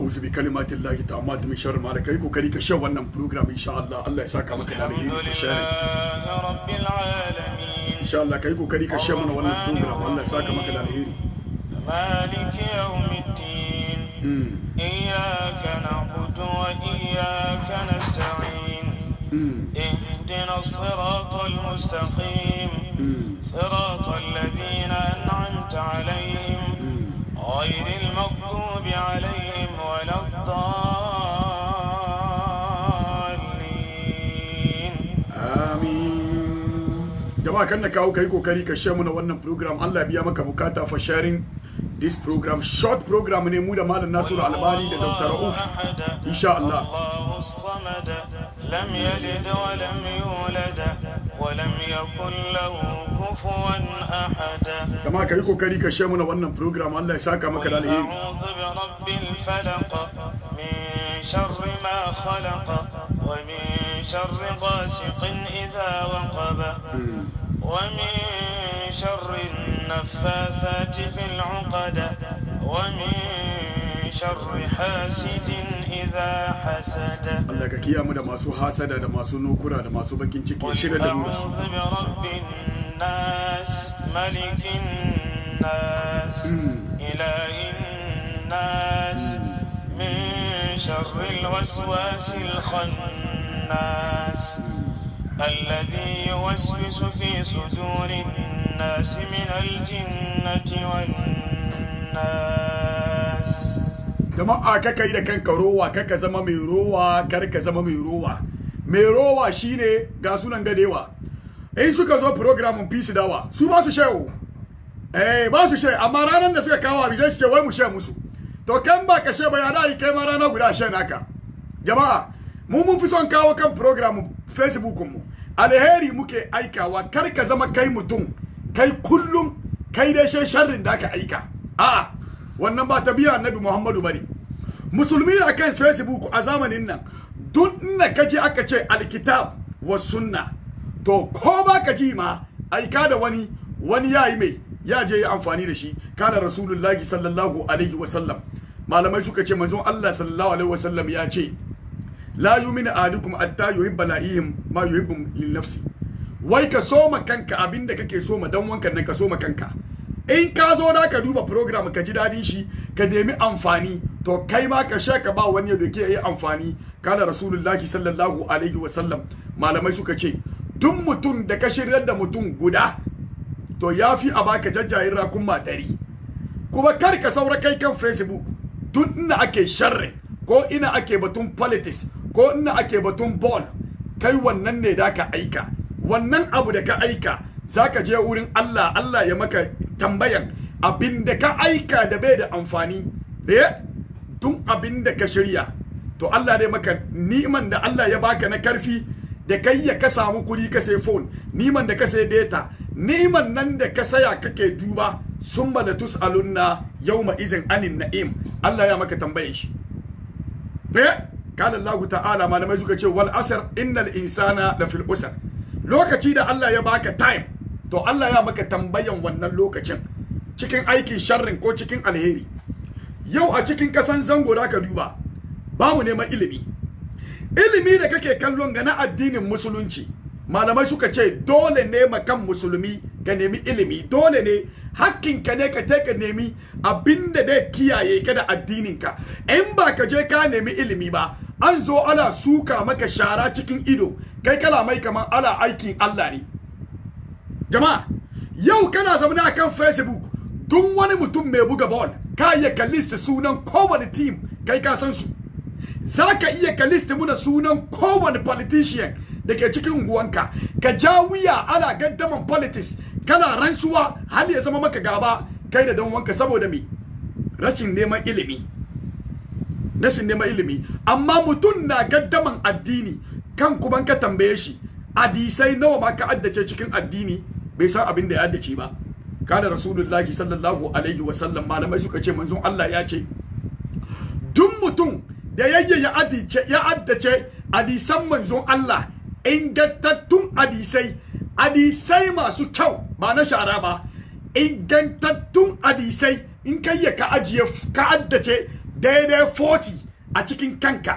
أعوذ بكلمات الله تعمد من شر مالكيك وكريك شو أنم بروغرام إن شاء الله الله يساك عمك الأمين في شهر رب العالمين إن شاء الله كيكو كريك شو أنم بروغرام الله يساك عمك الأمين مالك يوم الدين إياك نعبد وإياك نستعين اهدنا الصراط المستقيم صراط الذين أنعمت عليهم غير المغضوب عليهم الضالين آمين جماعة كنا كاو كايكو كاري كشامنا وانا بروجرام الله بيا مكا بكاتا for sharing this program short program ne mu da malam Nasiru Albani da Dr. Rauf insha Allah ahada kama ka yi kokari ka shemu na wannan program Allah ya saka maka da alheri a'udhu bi rabbil falaq hasidin Allah ka kiya mu da masu hasada da masu nukura da bakin ciki shirya da mu ملك الناس إله الناس من شر الوسواس الخناس الذي يوسوس في صدور الناس من الجنة والناس جماعة كاكا إذا كان كروة كاكا زمامي روة كاركا زمامي روة ميروة شيني غاسونا غديوة in suka zo programin peace dawa su ba su shehu eh ba su shehu amma ranar da suka kawo abin zai ce wai mu she musu to kan ba ka she ba da yi kai ma rana guda she naka jama'a mu mun fi son kawo kan program facebook mu alheri muke aikawa kar ka zama kai mutum kai kullum kai dai shan sharrin da ka aika a'a wannan ba ta biya annabi muhammadu bane musulmi akan facebook a zamanin nan duk inda kaje aka ce alkitab wa sunna to ko ba ka ji ma ka da wani wani ya yi mai ya je ya amfani da shi kana rasulullahi sallallahu alaihi wa sallam, malamai suka ce manzon Allah sallallahu alaihi sallam ya ce la yuminu ahadukum hatta yuhibba la'ihim ma yuhibbu li nafsi wai ka soma kanka abinda kake soma dan wanka nan ka soma kanka in ka zo da ka duba program ka ji dadin shi ka nemi amfani to kai ma ka sha ka ba wani da ke yi amfani kana rasulullahi sallallahu alaihi wa sallam malamai suka ce duk mutum da ka shiryar da mutum guda to ya fi a baka jajjayen rakun matari kuma kar ka saura kai kan facebook duk ina ake sharri ko ina ake batun politics ko ina ake batun ball kai wannan ne da ka aika wannan abu da ka aika za ka je wurin Allah Allah ya maka tambayan abin da ka aika da bai da amfani eh tun abin da ka shirya to Allah ne maka ni'iman da Allah ya baka na karfi da kai ya ka samu kuɗi ka sai phone niman da ka sai data niman nan da ka saya kake duba sun ba da yau yawma izin anin na'im Allah ya maka tambayin shi eh kala الله ta'ala malamai suka ce wal asr innal insana la fil usr lokaci da Allah ya baka time to Allah ya maka tambayan wannan lokacin cikin aikin sharrin ko cikin alheri yau a cikin kasan zango da ka duba ba mu neman ilimi ilimi da kake kallon ga na addinin musulunci malamai suka ce dole ne makan musulmi ka nemi ilimi dole ne ka ne ka ka nemi abinda da kiyaye ka da addininka in ba ka je ka nemi ilimi ba an zo ana suka maka shara cikin ido kai kala mai kamar ala aikin Allah ne jama'a yau kana a kan facebook duk wani mutum mai buga ball ka iya kalli sunan kowane team kai ka san su za ka iya ka liste muna sunan kowane politician da ke cikin unguwanka ka ja wuya ana gaddaman politics kana rantsuwa har ya zama maka gaba kai da danwanka saboda me rashin neman ilimi rashin neman ilimi amma mutum na gaddaman addini kan kuma ka tambaye shi adisai nawa ma ka addace cikin addini bai san abin da ya addace ba kada rasulullahi sallallahu alaihi wasallam malamai suka ce manzon Allah ya ce duk mutum da yayye ya adice ya addace hadisan manzon Allah ingantattun hadisai hadisai masu kyau ba na shara ba ingantattun hadisai in kai ya ka ajiye ka addace daidai 40 a cikin kanka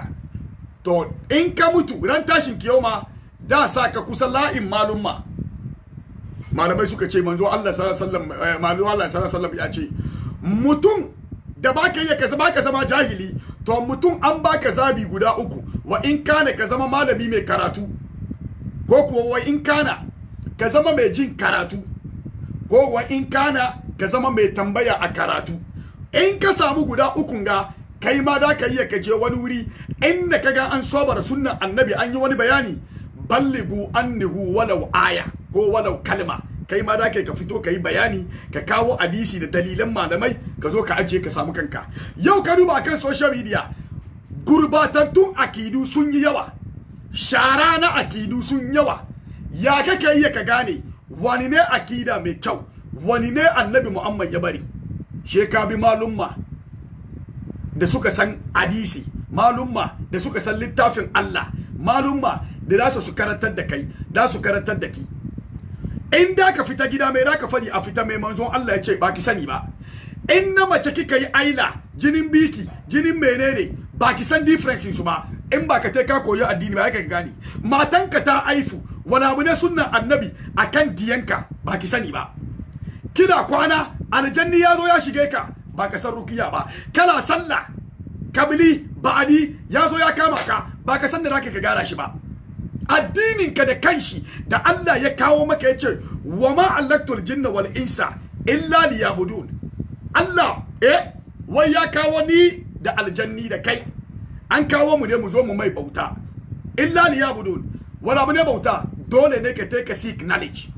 to in ka mutu ran tashin kiyoma da sa ka kusa la'in malumma malamai suka ce manzo eh, Allah sallallahu alaihi wasallam ya ce mutum da baka iya ka zama jahili to mutum an baka zabi guda uku wa in kana ka zama malami mai karatu ko kuwa wa in kana ka zama mai jin karatu ko wa in kana ka zama mai tambaya a karatu in ka samu guda ukun ga kai ma da ka yi ka je wani wuri inda ka ga an sobar sunnan annabi an yi wani bayani balligu nihu, walau aya ko walau kalma kai ma da kai ka fito ka yi bayani ka kawo hadisi da dalilan malamai ka zo ka ajiye ka samu kanka yau ka duba kan social media gurbatattun akidu sun yi yawa shara na akidu sun yawa ya kake iya ka gane wani ne akida mai kyau wani ne annabi muhammad ya bari shekabi malumma da suka san hadisi malumma da suka san littafin allah malumma da za su karantar da kai da su karantar da ki in da ka fita gida mai da ka fadi a fita mai manzon Allah ya ce ba ki sani ba in na mace kika yi aila jinin biki jinin menene ba ki san difference su ba in ba ka ka koyi addini ba ka gane matanka ta aifu wani abu ne sunnan annabi akan diyanka ba ki sani ba kina kwana aljanni ya zo ya shige ka ba ka san rukiya ba kana sallah kabili ba'adi ya zo ya kama ka ba ka san da zaka ka gara shi ba addininka da kanshi da Allah ya kawo maka ya ce wa ma jinna wal insa illa liyabudun Allah eh wai ya kawo ni da aljanni da kai an kawo mu ne mu zo mu mai bauta illa liyabudun wala mu ne bauta dole ne ka take seek knowledge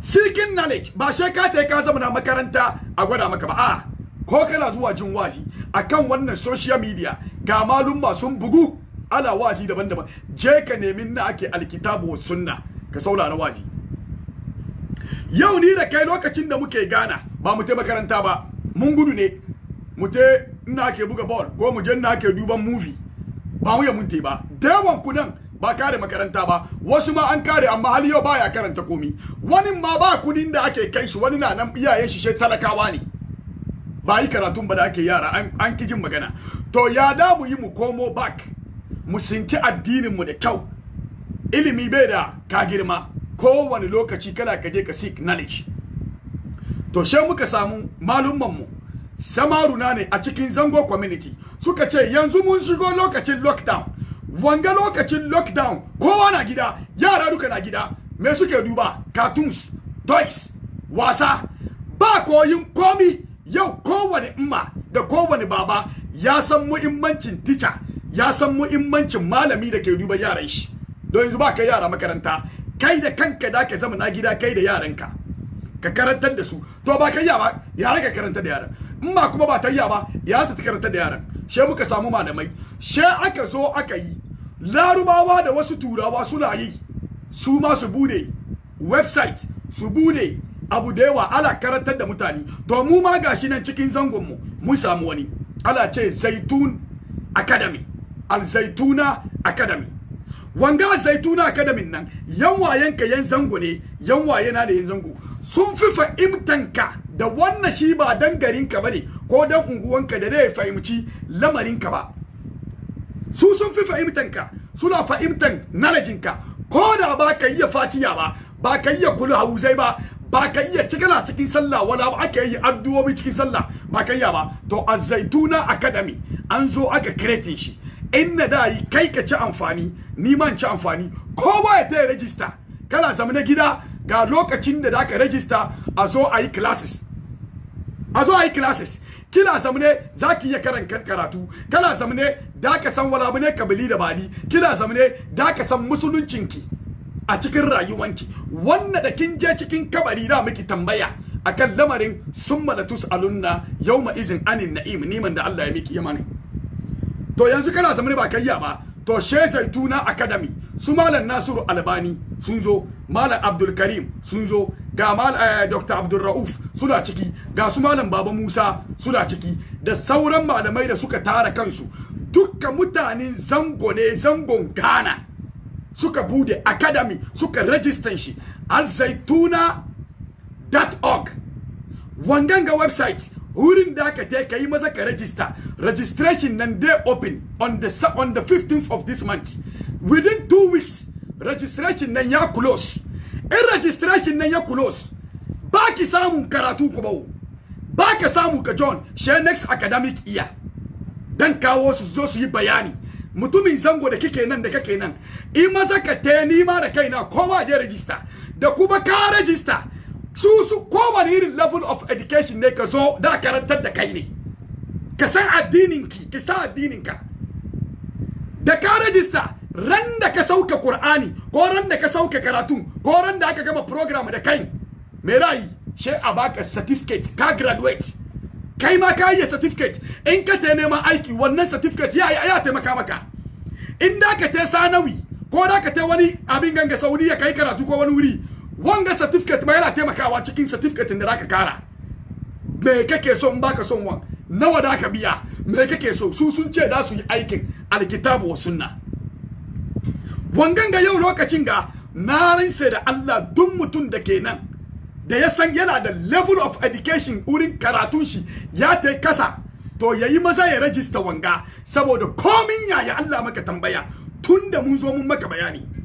seeking knowledge ba shi ka take ka zama na makaranta a gwada maka ba a ko kana zuwa jin waji akan wannan social media ga malum sun bugu ana wazi daban-daban je ka nemi na ake alkitabu wa sunna ka saurara wazi yau ni da kai lokacin da muke gana ba mu makaranta ba mun gudu ne mu te ina ke buga ball ko mu je ina ke duban movie ba mu ya mun te ba dewan ku nan ba kare makaranta ba wasu ma an kare amma hali yau baya karanta komi wani ma ba kudin da ake kai shi wani na nan iyayen shi talakawa ne ba yi karatun ba da ake yara an kijin magana to ya da mu yi mu komo back musinci addininmu addinin mu da kyau ilimi bai da ka girma kowane lokaci kada ka je ka seek knowledge to she muka samu malumman mu samaruna ne a cikin zango community suka ce yanzu mun shigo lokacin lockdown wanga lokacin lockdown kowa na gida yara duka na gida me suke duba cartoons toys wasa ba koyin komi yau kowane imma da kowane baba ya san muhimmancin teacher ya san muhimmancin malami da ke duba yaran shi don yanzu ba ka yara makaranta kai da kanka da ka zama na gida kai da yaranka ka karantar da su to ba ka yaba yara ka karantar da yaran in ba kuma ba ta yaba Ya ta karantar da yaran she muka samu malamai she aka zo aka yi larubawa da wasu turawa suna yi su ma su bude website su bude abu da yawa ala karantar da mutane to mu ma gashi nan cikin zangon mu mun samu wani ala ce zaitun academy alzaituna academy wanga alzaituna academy nan yan wayen ka yan zango ne yan waye na da yan zango sun fi fahimtanka da wannan shi ba dan garinka bane ko dan unguwanka da zai fahimci lamarinka ba su sun fi fahimtanka suna fahimtan nalajinka ko da ba ka iya fatiya ba ba ka iya kulu hauzai ba ba ka iya cikala cikin sallah wala ba aka yi addu'o'i cikin sallah ba ka iya ba to azaituna academy an zo aka kiretin shi in na da yi kai ka ci amfani ni man ci amfani ko ba ya ta register kana zama na gida ga lokacin da zaka register a zo a yi classes a zo a yi classes za ki iya karan karatu kana ne da ka san wala bane kabili da kila kina ne da ka san musuluncinki a cikin rayuwanki wannan da kin je cikin kabari da miki tambaya akan lamarin summa latus alunna yawma izin anin na'im niman da Allah ya miki yamanin to yanzu kana ne ba kayya ba to she zaituna academy su malam nasiru albani sun zo malam abdul karim sun zo ga mal eh, dr abdul rauf suna ciki ga su malam baba musa suna ciki da sauran malamai da suka tara kansu dukkan mutanen zango ne zangon ghana suka bude academy suka rajistan shi alzaituna.org wangan ga website wurin da ka je ka yi maza ka register registration nan dey open on the on the 15th of this month within two weeks registration nan ya close in registration nan ya close ba ki samun karatu ku bawo ba ka samu ka john she next academic year dan kawo su zo su yi bayani mutumin zango da kike nan da kake nan in maza ka te nima da kaina ko ba je register da kuma ka register su su kowane irin level of education ne ka zo da karantar da kai ne ka san ki ka san ka da ka rajista ran da ka sauka qur'ani ko ran da ka sauka karatu ko ran da aka gama program da kai me rai, she a baka certificate ka graduate kai ma ka yi certificate in ka ta neman aiki wannan certificate ya ya taimaka maka in da ka ta sanawi ko da ka ta wani abin ganga saudiya kai karatu ko wani wuri wanga certificate ma yana taimakawa cikin certificate da zaka kara me kake so in baka son wan nawa da ka biya me kake so su sun ce da su yi aikin alkitabu wa sunna wangan ga yau lokacin ga na rinse da Allah duk mutum da ke nan da ya san yana da level of education wurin karatun shi ya ta kasa to yayi maza ya rajista wanga saboda komin yaya Allah maka tambaya tunda mun zo mun maka bayani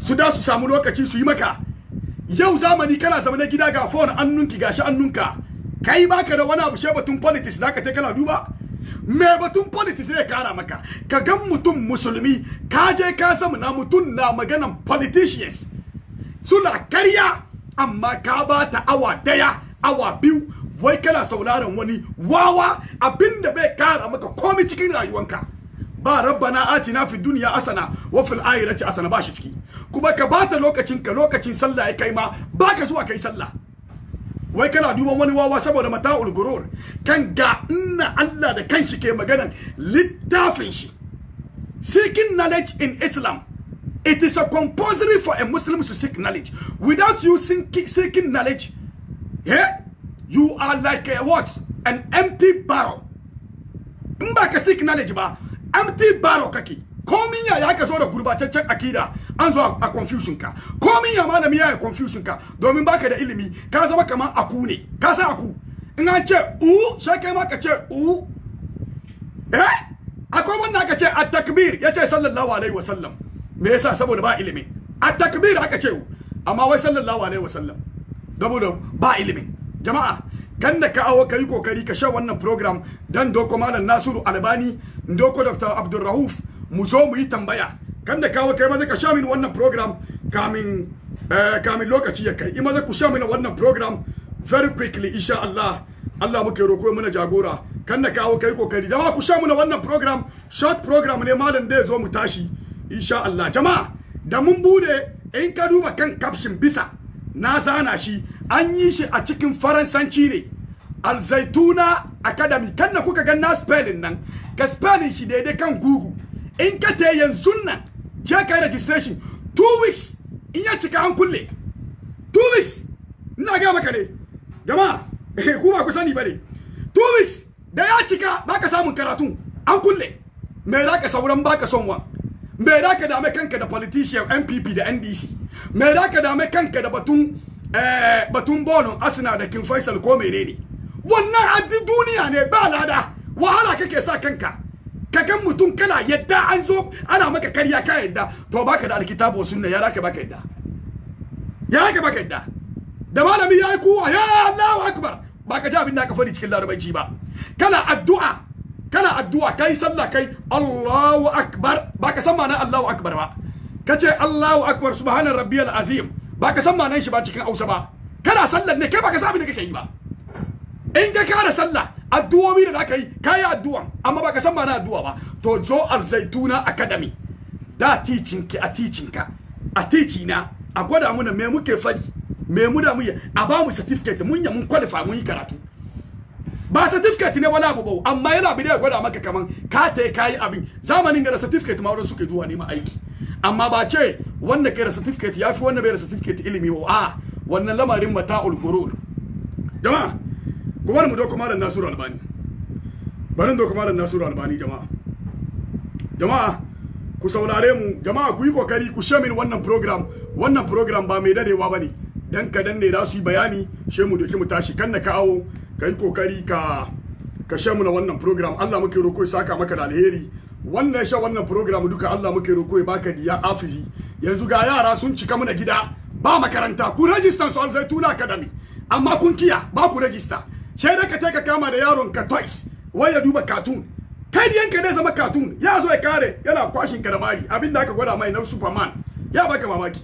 su da su samu lokaci su yi maka yau zamani kana zama na gida ga fon annunki gashi annunka kai baka da wani abu she batun politics da ka ta kana duba me batun politics ne kara maka ka gan mutum musulmi ka je ka samu na mutum na maganan politicians suna karya amma ka ba ta awa daya awa biyu wai kana sauraron wani wawa abinda bai kara maka komai cikin rayuwanka ba rabbana atina fi dunya asana wa fil akhirati asana ba shi ciki kuma ka bata lokacin ka lokacin sallah ya kai ma baka zuwa kai sallah wai kana duban wani wawa saboda mata'ul gurur kan ga inna Allah da kanshi ke maganan littafin shi seeking knowledge in Islam it is a compulsory for a Muslim to seek knowledge without you seeking knowledge yeah, you are like a what an empty barrel in ba ka seek knowledge ba empty barrel kake komin ya ya kaso da gurbataccen akida an zo a confusion ka komin ya malami ya confusion ka domin baka da ilimi ka zama kamar aku ne ka san aku in an ce u sai kai ma ka ce u eh akwai wannan aka ce at-takbir yace sallallahu alaihi wasallam me yasa saboda ba ilimi at-takbir aka ce amma wai sallallahu alaihi wasallam saboda ba ilimi jama'a kan da ka awo ka yi kokari ka sha wannan program dan doko malam nasiru albani doko dr abdulrahuf mu zo mu yi tambaya kan da kawo kai maza ka sha min wannan program kamin eh, kamin lokaci ya kai maza ku sha mini wannan program very quickly insha Allah Allah muke roko mana jagora kan da kawo kai kokari jama'a ku sha mini wannan program short program ne malam da zo mu tashi insha Allah jama'a da mun bude in ka duba kan caption bisa na zana shi an yi shi a cikin faransanci ne alzaituna academy kan da kuka ga na spelling nan ka spelling shi daidai kan google in ka ta yanzun nan ya kai registration two weeks in ya cika an kulle two weeks ina ga maka ne jama'a eh, ku ba ku sani bane two weeks da ya cika ba ka samun karatu an kulle me za ka sauran ba ka son wa me za ka dame kanka da politician npp da ndc me za ka dame kanka da batun eh, batun bolon asina da kin faisal ko menene wannan addi duniya ne ba lada wahala kake sa kanka ka kan mutum kana yadda an zo ana maka karya ka yadda to baka da alkitabu sunna ya raka baka yadda ya raka baka yadda da malami ya yi kuwa ya Allahu akbar baka ji abin da aka faɗi cikin larabanci ba kana addu'a kana addu'a kai sallah kai Allahu akbar baka san ma'anar Allahu akbar ba kace Allahu akbar subhana rabbiyal azim baka san ma'anar shi ba cikin Hausa ba kana sallar ne kai baka san abin da kake yi ba in ka kara sallah addu'o'i da aka yi kai addu'a amma baka san ma'ana addu'a ba to zo al-zaituna academy da teaching ki a teaching ka a teaching na a gwada mu me muke fadi me mu da mu a ba mu certificate mun ya mun qualify mun yi karatu ba certificate ne wala abu amma yana bi da gwada maka kaman ka ta kai abin zamanin ga certificate ma suke zuwa neman aiki amma ba ce wanda kai da certificate yafi wanda bai da certificate ilimi ba a wannan lamarin mata'ul gurur jama'a ku bari mu dauka malam nasiru albani bari mu dauka malam nasiru albani jama'a jama'a ku saurare mu jama'a ku yi kokari ku min wannan program wannan program ba mai dadewa bane dan dan ne za su yi bayani she mu doki mu tashi kan na kawo ka yi kokari ka ka sha mu wannan program Allah muke roko ya saka maka da alheri wannan sha wannan program duka Allah muke roko ya baka diya afizi yanzu ga yara sun cika mana gida ba makaranta ku register su Al zaituna Academy amma kun kiya ba ku register sai da ka ka kama da yaron ka toys wai ya duba cartoon kai yanka ne zama cartoon ya zo ya kare yana kwashin ka da mari abin da aka gwada mai na superman ya baka mamaki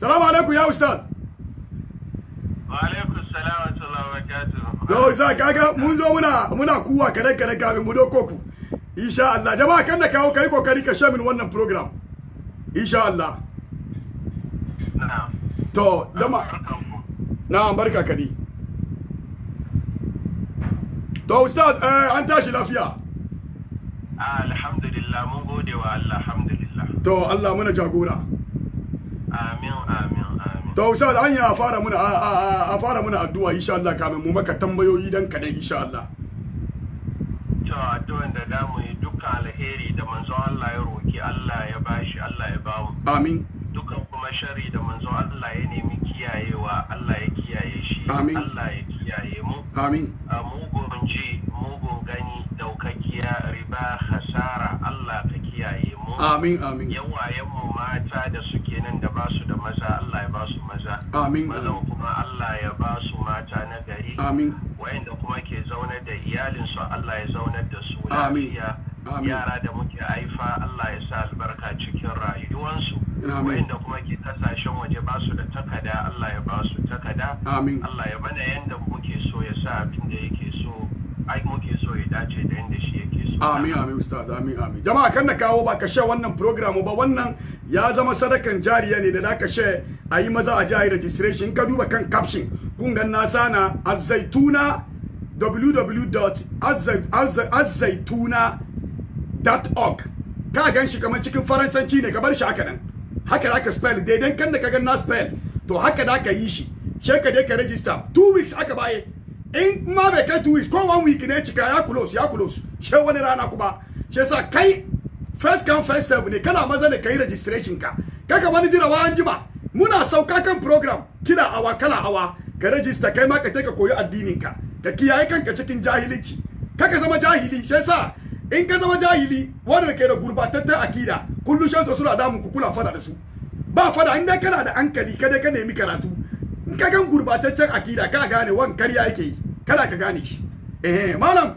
salamu alaikum ya ustaz wa alaikum salam wa rahmatullahi wa barakatuh do mun zo muna muna kuwa kare kare kafin mu doko ku insha Allah jama'a kan da kawo kai kokari ka min wannan program insha Allah na'am to jama'a na'am barka kadi to ustaz eh an tashi lafiya alhamdulillah mun gode wa Allah alhamdulillah to Allah muna jagora amin amin amin to ustaz an ya fara muna a fara muna addu'a insha Allah kamin mu maka tambayoyi dan kadan insha Allah to addu'an da da mu yi dukkan alheri da manzo Allah ya roki Allah ya bashi Allah ya bawo amin dukkan kuma shari da manzo Allah ya nemi kiyayewa Allah ya kiyaye shi Allah ya kiyaye mu amin mugun ji mugun gani daukakiya riba hasara Allah ka kiyaye mu amin amin yawayen mu mata da suke nan da ba su da maza Allah ya ba su maza amin mazan kuma Allah ya ba su mata na gari amin wayanda kuma ke zaunar da iyalinsu Allah ya zaunar da su lafiya yara da muke haifa Allah ya sa albarka cikin rayuwansu wa'inda kuma ke kasashen waje ba su da takada Allah ya ba su takada Allah ya bana yanda muke so ya sa abin da yake so ai muke so ya dace da yanda shi yake so amin amin ustaz amin amin jama'a kan na kawo ba ka sha wannan program ba wannan ya zama sadakan jariya ne da da sha a yi maza a jihar registration ka duba kan caption kun ga na sana azzaituna www.azzaituna.org ka gan shi kamar cikin faransanci ne ka bar shi haka nan haka da aka spell dan kan da ka gan na spell to haka da aka yi shi sai ka je ka register two weeks aka baye in ma bai kai two weeks ko one week ne cika ya close ya close sai wani rana kuma sai sa kai first come first serve ne kana maza da kai registration ka kaka wani jirawa an jima muna sauka kan program kina awa kala awa ka register kai ma ka ka koyi addinin ka ka kiyaye kanka cikin jahilici kaka zama jahili sai sa in ka zama jahili wanda ke da gurbatattar akida kullum shan su suna damun ku kula fada da su ba fada inda kana da hankali kada ka nemi karatu in ka gan gurbataccen akida ka gane wan karya yake yi kada ka gane shi eh malam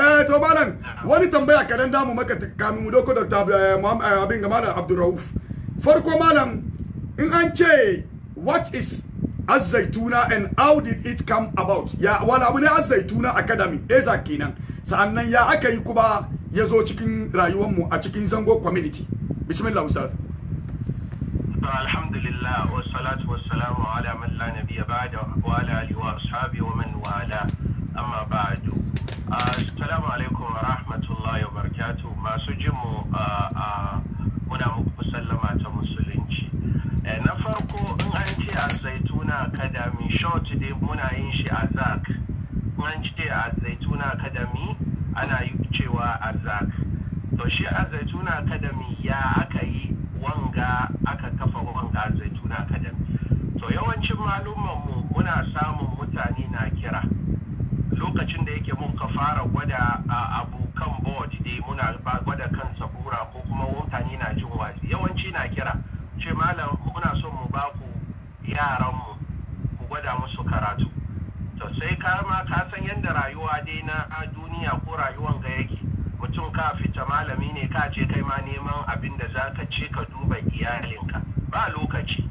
eh to malam wani tambaya kadan damu maka kamin mu doko dr eh, eh, abin ga malam abdurrauf farko malam in an ce what is azzaituna and how did it come about ya wala abu ne azzaituna academy eza kenan sa'annan ya aka yi kuma ya zo cikin rayuwarmu a cikin zango community bismillah ustaz alhamdulillah wassalatu wassalamu ala man la nabiyya ba'da wa ala alihi wa ashabi wa man wala amma ba'du assalamu alaikum wa rahmatullahi wa barakatuh masu jimu a muna muku sallama ta musulunci eh, na farko in an ce a zaituna academy short dai muna yin shi a zak turanci dai a zaituna academy ana yi cewa azak to shi a zaituna academy ya aka yi wanga aka kafa wanga a zaituna academy to yawancin malumanmu muna samun mutane na kira lokacin da yake mun ka fara gwada abu kan board dai muna gwada kan sabura ko kuma mutane na jin wasi. yawanci na kira ce malam muna son mu yaran mu ku gwada musu karatu sai ka ma ka san yadda rayuwa dai na duniya ko rayuwan ga yake mutum ka fita malami ne ka ce kai ma neman abin da za ka ce ka duba iyalinka ba lokaci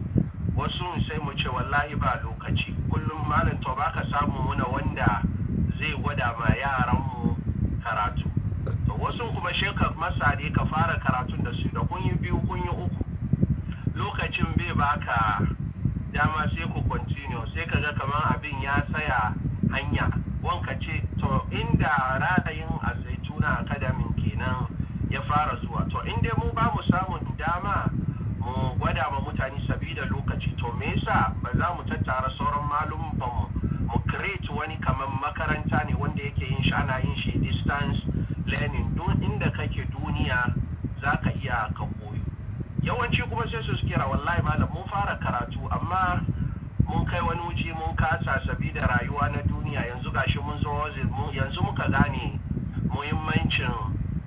wasu sai mu ce wallahi ba lokaci kullum malin to baka samu muna wanda zai gwada ma yaranmu karatu to wasu kuma shekar masa ne ka fara karatun da su da kun biyu kunyi uku lokacin bai baka dama sai ku continue sai kaga ga kamar abin ya tsaya hanya wanka ce to inda ra'ayin azaituna academy kenan ya fara zuwa to inda mu ba mu samun dama mu gwada ma mutane sabida lokaci to me yasa ba za mu tattara sauran ba mu mu create wani kamar makaranta ne wanda yake yin shi ana yin shi distance learning don inda kake duniya za ka iya ka yawanci kuma sai su kira wallahi malam mun fara karatu amma mun kai wani wuce mun kasa sabida rayuwa na duniya yanzu gashi mun zo yanzu muka gane muhimmancin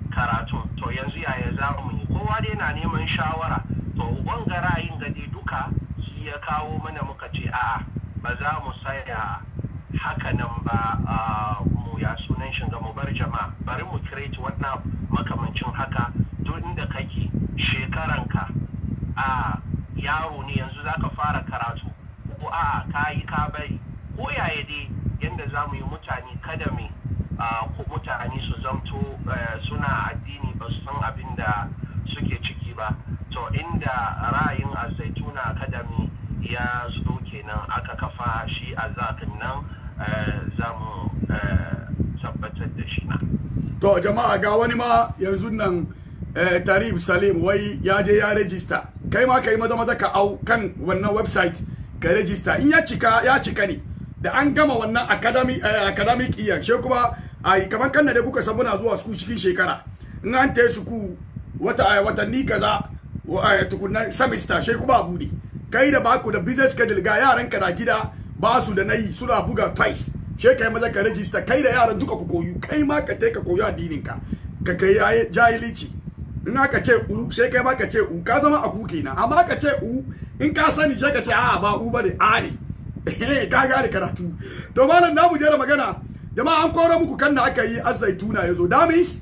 karatu to yanzu yaya za mu yi kowa dai na neman shawara to uban ra'ayin gadi duka shi ya kawo mana muka ce a ba za mu saya haka nan ba mu ya sunan shiga mu bar jama'a bari mu create wannan makamancin haka To inda kake shekaranka a yaro ne yanzu za ka fara karatu ko a ka yi ka bari ko yaya dai yadda za mu yi mutane kada mai ko mutane su zamto eh, suna addini ba su san abin da suke ciki ba to inda ra'ayin azaituna mai ya zo kenan aka kafa shi a zafin nan eh, za mu eh, tabbatar da shi na to jama'a ga wani ma yanzu nan tarib eh, salim wai ya je ya register kai ma kai maza maza ka au kan wannan website ka register in ya cika ya cika ne da an gama wannan academy eh, academic year she kuma ai kaman kan da kuka san zuwa su cikin shekara in an ta su ku wata eh, ni kaza tukunna semester she kuma bude kai da baku da business schedule ga yaran ka da gida ba su da nayi suna buga twice she kai maza ka register kai da yaran duka ku koyu kai ma ka take ka koyu addinin ka ka kai jahilici in aka ce u sai kai ma ce u ka zama aku kenan amma ka ce u in ka sani sai ka ce a ba u bane a ne eh, ka gane karatu to malam na mu je da magana jama'a an koro muku kan da aka yi azzaituna yazo damis means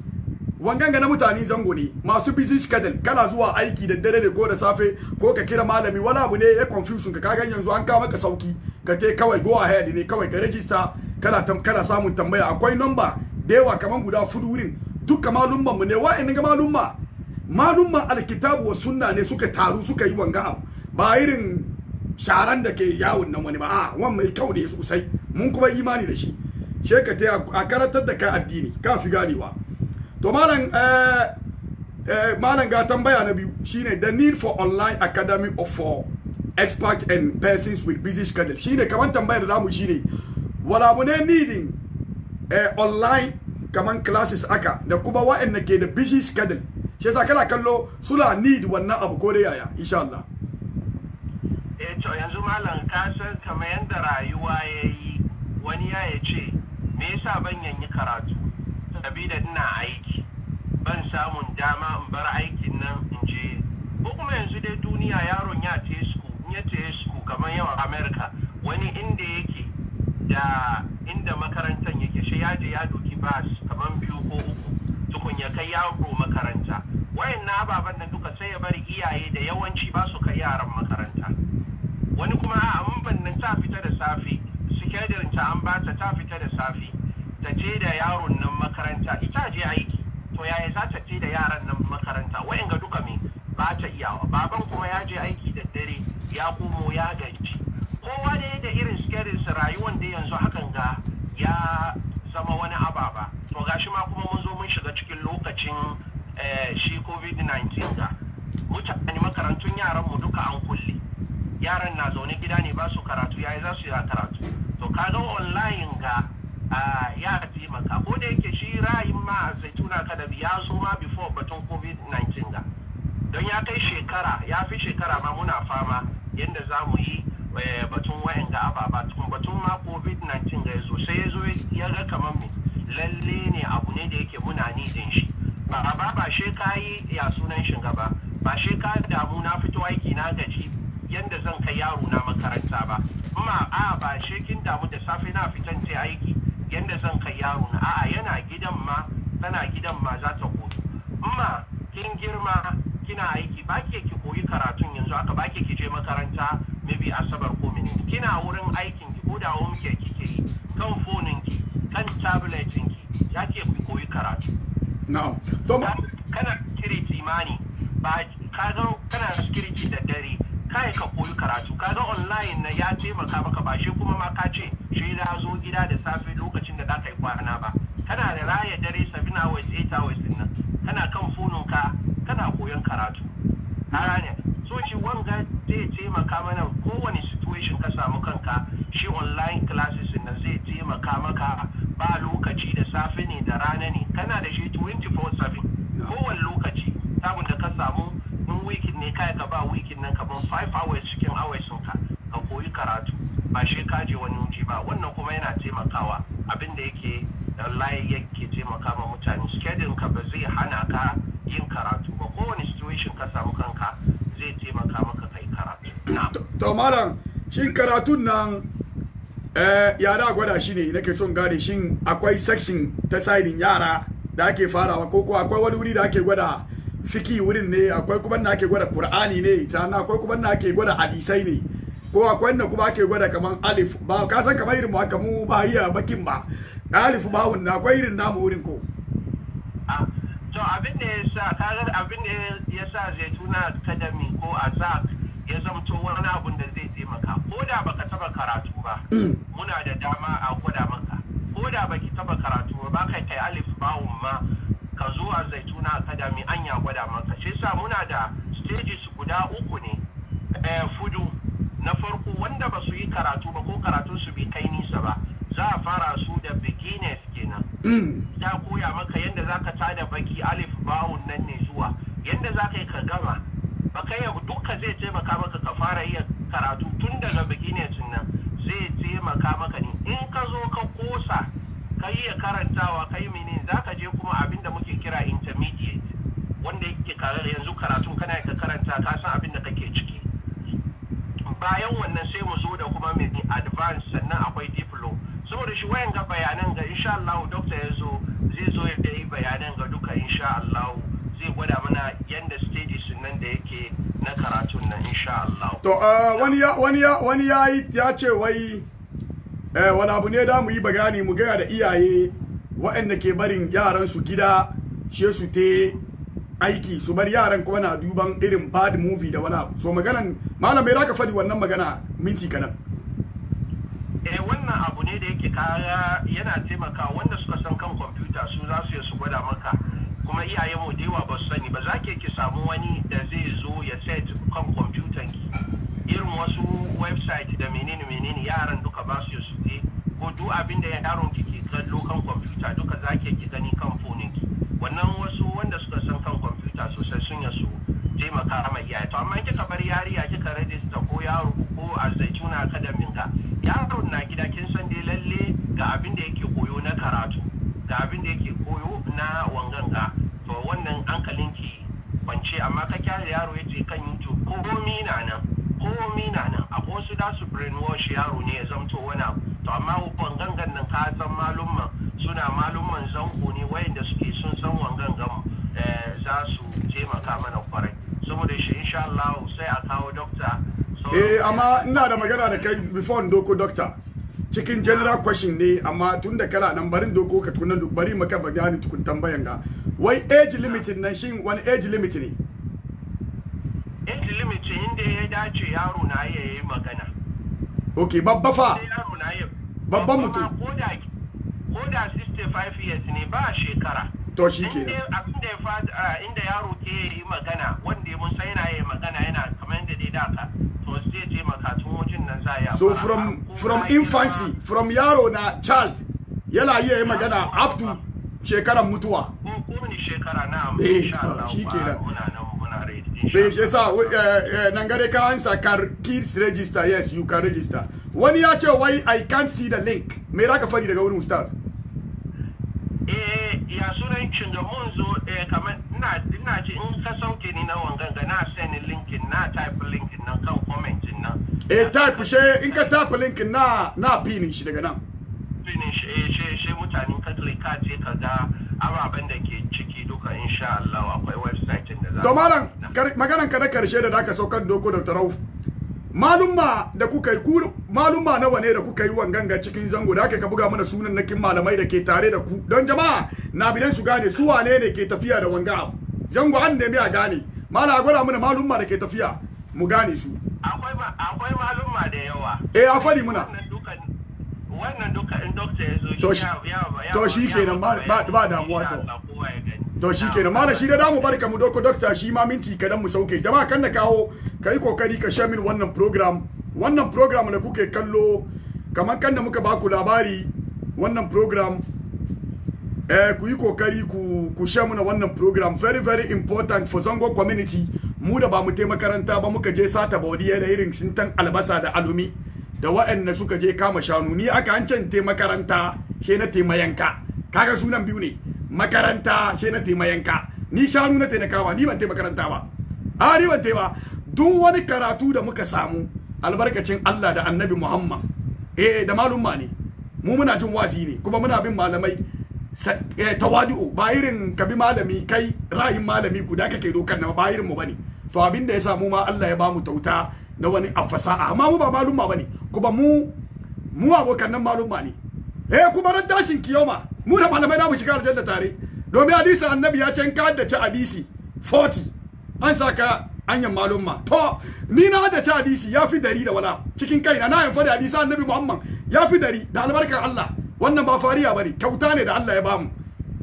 wanganga na mutane zango ne masu busy schedule kana zuwa aiki da dare ne ko da safe ko ka kira malami wala abu ne ya confusion ka kagan yanzu an kawo maka sauki ka te kawai go ahead ne kawai ka register kana kana samun tambaya akwai number da yawa kaman guda fudurin dukka dukkan mu ne wa'annan ga malumma malumman alkitabu wa sunna ne suka taru suka yi wanga abu ba irin sharan da ke yawon nan wani ba a wan mai kyau ne sosai mun kuma imani da shi she ka ta a karatar da ka addini ka fi ganewa to malam eh, eh, malam ga tambaya na biyu shine the need for online academy of for experts and persons with busy schedule shine kaman tambayar da zamu shine wala mu ne needing eh, online kaman classes aka da kuma wa'annan ke da busy schedule shi yasa kana kallo suna need wannan abu ko da yaya insha Allah eh to yanzu malam ka san kamar yanda rayuwa yayi wani ya yace me yasa ban yanyi karatu sabida ina aiki ban samun dama in bar aikin nan in je ko kuma yanzu dai duniya yaron ya ce shi ya ce kamar yawan America wani inda yake da inda makarantar yake shi ya je ya doki bas kamar biyu ko uku tukun ya kai yaro makaranta wayan na ababen nan duka sai ya bari iyaye da yawanci ba su kai yaran makaranta wani kuma a amban nan ta fita da safe sikedirin ta an bata ta fita da safe ta je da yaron nan makaranta ita je aiki to yaya za ta je da yaran nan makaranta wayan ga duka me ba ta iyawa baban kuma ya je aiki da dare ya komo ya gaji kowa da da irin sikerin rayuwan da yanzu hakan ga ya zama wani ababa to gashi ma kuma mun shiga cikin lokacin eh, shi covid-19 ga mutane makarantun yaran mu duka an kulle yaran na zaune gida ne ba su karatu yayi za su yi karatu to ka ga online ga ya taimaka ko da yake shi ra'ayin ma tuna zaituna da ya zo ma before batun covid-19 ga don ya kai shekara ya fi shekara ma muna fama yadda za mu yi eh, batun wayan ga ababa batun ma covid-19 ga ya zo sai ya ya ga kamar me lalle ne abu ne da yake muna nijin shi ba ba ba she yi ya sunan shi gaba ba she ka damu na fito aiki na gaji yanda zan kai yaro na makaranta ba ma a ba she kin damu da safe na fitan ce aiki yanda zan kai yaro na a'a yana gidan ma tana gidan ma za ta koyi ma kin girma kina aiki ba ke ki koyi karatun yanzu haka ba ke ki je makaranta maybe asabar ko mini kina wurin aikin ko da kike yi kan fonin ki kan tabletin ki ya ke ku koyi karatu na'am ma kana kire imani ba ka ga kana security da dare kai ka koyi karatu ka ga online na ya taimaka maka ba shi kuma ma ka ce shi na zo gida da safe lokacin da za ka yi kwana ba kana da raya dare sabina hours eight hours din nan kana kan fonin ka kana koyon karatu a ranar so wanga zai taimaka mana kowane situation ka samu kanka shi online classes na zai taimaka maka ba lokaci da safe ne da rana ne kana da shi 24/7 kowane lokaci sabon da ka samu in weekend ne kai ka ba weekend nan kamar 5 hours cikin hours ka ka koyi karatu ba shi ka je wani wuce ba wannan kuma yana taimakawa abin da yake wallahi yake taimaka ma mutane schedule ka ba zai hana ka yin karatu ba kowane situation ka samu kanka zai taimaka maka kai karatu to malam karatun nan yara eh, ya da gwada shi ne nake son gane shin akwai section ta tsarin yara da ake farawa ko ko akwai wani wuri da ake gwada fiki wurin ne akwai kuma na ake gwada qur'ani ne sannan akwai kuma na ake gwada hadisai ne ko akwai na kuma ake gwada kaman alif ba ka san kamar irin mu haka mu ba iya bakin ba alif ba wanda akwai irin namu wurin ko ah, to abin da yasa kaga abin da yasa zaituna academy ko azak ya zamto wani abun da zai taimaka ko da baka taba karatu ba mm. muna da dama a gwada maka ko da baki taba karatu ba kai kai alif bawun ma ka zo a zaituna akadami an ya gwada maka shi sa muna da stages guda uku ne eh, fudu na farko wanda ba su yi karatu ba ko karatun su bi kai nisa ba za a fara su da beginners kenan mm. za koya maka yadda zaka tada baki alif bawun nan ne zuwa yadda zaka yi ka gama baka yau duka zai taimaka maka ka fara iya karatu tun daga beginners nan zai taimaka maka ne in ka zo ka kosa ka iya karantawa ka yi mini za ka je kuma abin da muke kira intermediate wanda yake yanzu karatu kana ka karanta ka san abin da kake ciki bayan wannan sai mu zo da kuma mai advance sannan akwai diploma saboda shi wayan ga bayanan ga insha Allah doctor ya zo zai zo ya yi bayanan ga duka insha Allah zai gwada mana yanda stages nan da yake na karatun nan insha Allah to eh, wani ya wani ya wani ya ya ce wai eh wani abu ne da mu yi bagani mu gaya da iyaye waɗanda ke barin yaran su gida she su te aiki su bar yaran kuma na duban irin bad movie da wani abu so maganan malam mai raka fadi wannan magana minti kana eh wannan abu ne da yake kaya yana taimaka wanda suka san kan computer su za su yi su gwada maka kuma iyaye mu dewa ba su sani ba za ke ki samu wani da zai zo ya set kan kwamfutan ki irin wasu website da menene menene yaran duka ba su su je ko duk abin da yaron ki ke kallo kan kwamfuta duka za ke ki gani kan fonin ki wannan wasu wanda suka san kan kwamfuta sosai sun ya so taimaka ma iyaye to amma kika bar yariya kika rajista ko yaro ko a arzajuna academy ka yaron na gida kin san dai lalle ga abin da yake koyo na karatu da abin da yake koyo na wanganga to wannan hankalin ki kwance amma ka kyale yaro ya ce kan youtube komi na nan komi na nan a wasu da su wash yaro ne ya zamto wani abu to amma wangangan nan ka san malumman suna malumman zango ne wayanda suke sun san wangangan eh, za su taimaka mana kwarai saboda shi insha Allah sai a kawo dokta eh amma ina da magana da kai before doko dokta cikin general question ne amma tun da kana nan barin doko ka tukunan duk bari maka ba gani tukun tambayan ga wai age limit nan shin wani age limit ne age limit inda ya dace yaro na ya yi magana okay babba fa babban mutum koda koda 65 years ne ba shekara to shi ke inda ya fada inda yaro ke yi magana wanda mun sai yana yi magana yana kamar da dai daka to sai maka makatun so from from infancy from yaro na child yana iya yi magana up to shekaran mutuwa eh shi kenan bai shi sa eh, eh, nan gare ka ansa can kids register yes you can register wani ya ce why i can't see the link me raka fadi daga wurin ustaz eh ya sunan cin da mun zo eh kamar ina ce in ka sauke ni na wangan ga na send linkin na type linkin nan kan comment nan eh type she in ka type link na na pinin shi daga nan pinin shi eh she she mutane ka click je ka ga ababen da ke ciki duka insha Allah akwai website da za to malam maganan ka na karshe da zaka saukar doko Dr. Rauf malumma da kuka yi malumma nawa ne da kuka yi wanganga cikin zango da aka ka buga mana sunan nakin malamai da ke tare da ku don jama'a na bidan su gane su wane ne ke tafiya da wanga abu zango an nemi a gane mala gwada mana malumma da ke tafiya mu gane su akwai maluma da yawa eh an faɗi muna wannan duka in dokta ya zo to shi kenan ba damuwa to to shi kenan mala shi da damu barka mu doko dokta shi ma minti kadan mu sauke jama'a kan na kawo kai kokari ka shamin wannan program wannan program da kuke kallo kamar kan da muka baku labari wannan program eh, ku yi kokari ku, ku sha muna wannan program very very important for zango community mu da ba mu te makaranta ba muka je sata bodiya da irin sintan albasa da alumi da waɗanda suka je kama shanu ni aka hancen can te makaranta she na te mayanka kaga sunan biyu ne makaranta she na te mayanka ni shanu na te na kama ni ban te makaranta ba a ni ban te ba duk wani karatu da muka samu albarkacin Allah da annabi Muhammad eh da malumma ne mu muna jin wasi ne kuma muna bin malamai Eh, tawadu ba irin ka bi malami kai rayin malami guda kake dokan na ba irin mu bane to abinda ya samu ma Allah ya bamu tauta na wani fasaha. amma mu ba malumma bane kuma mu mu abokan nan malumma ne eh kuma ran tashin kiyoma mu da malamai da mu shiga aljanna tare domin hadisin annabi ya ce in ka haddace hadisi 40 an saka anyan malumma to ni na haddace hadisi ya fi dari da wala cikin kaina na yin fada hadisi annabi muhammad ya fi dari da albarkar Allah wannan ba fariya bane kyauta ne da Allah ya bamu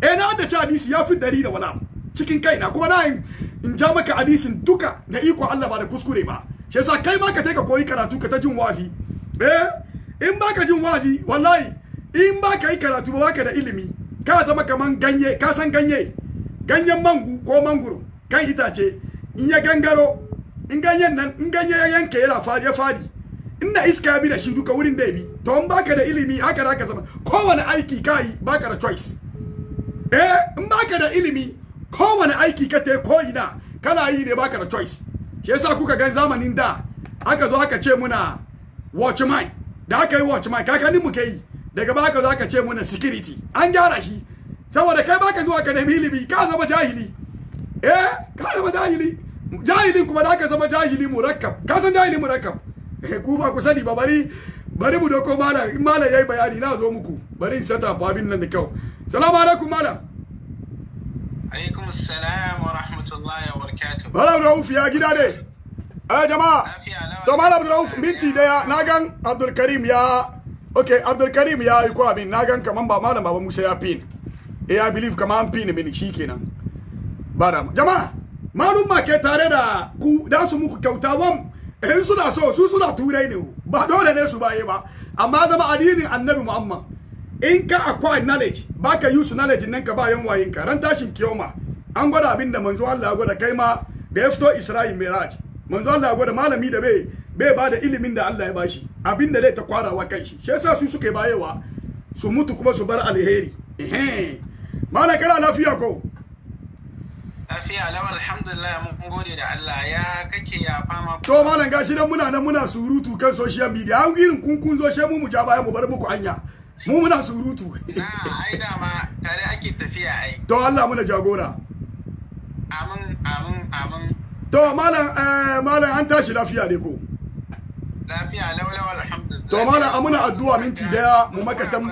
eh na da ci hadisi ya fi dari da wala cikin kaina kuma na in ja maka hadisin duka da iko Allah ba da kuskure ba shi yasa kai ma ka kai ka koyi karatu ka ta jin wazi eh in baka jin wazi wallahi in baka yi karatu ba baka da ilimi ka zama kaman ganye ka san ganye ganyen mangu ko manguro kan itace in ya gangaro in ganyen nan in ganye ya yanke yana fadi ya fadi ina iska bi da shi duka wurin da bi to in baka da ilimi haka da ka zama kowane aiki ka yi baka da choice eh in baka da ilimi kowane aiki ka te ko ina kana yi ne baka da choice shi yasa kuka gan zamanin da aka zo aka ce muna watchman da aka yi watchman kakannin mu kai daga baka zo aka ce muna security an gyara shi saboda kai baka zuwa ka nemi ilimi ka zama jahili eh ka zama jahili jahilin kuma da aka zama jahili murakkab ka san jahili murakkab Eh, Kuma ku sani ba bari bari mu doko mala in mala yayi bayani na zo muku bari in sata babin nan da kyau salamu alaikum mala alaikum assalam wa rahmatullahi wa barakatuh mala rauf ya gida ne eh jama'a to mala rauf minti daya na gan abdul karim ya okay abdul karim ya yi ko abin na gan kaman ba malam baba musa ya pin eh i believe kaman pin min kenan bara jama'a malum ma ke tare da ku da su muku kyauta wam in eh, suna so su suna turai ne ba dole ne su baye ba amma zama addinin annabi muhammad in ka acquire knowledge baka use knowledge nan ka ba yan wayin ka ran tashin kiyoma an gwada abin da manzo Allah ya gwada kai ma da ya fito isra'il Miraj manzo Allah ya gwada malami da bai bai ba da ilimin da Allah ya bashi abin da zai ta kwarawa kan shi shi yasa su suke bayewa su mutu kuma su bar alheri ehe mana kana lafiya ko lafiya lawal alhamdulillah mun gode da Allah ya kake ya fama to malam gashi dan muna nan muna surutu kan social media an girin kun kun zo she mu mu ja baya mu bar muku anya mu muna surutu na ai da ma tare ake tafiya ai to Allah muna jagora amin amin amin to malam eh malam an tashi lafiya ne ko lafiya lawala alhamdulillah to malam amuna addu'a minti daya mu makatan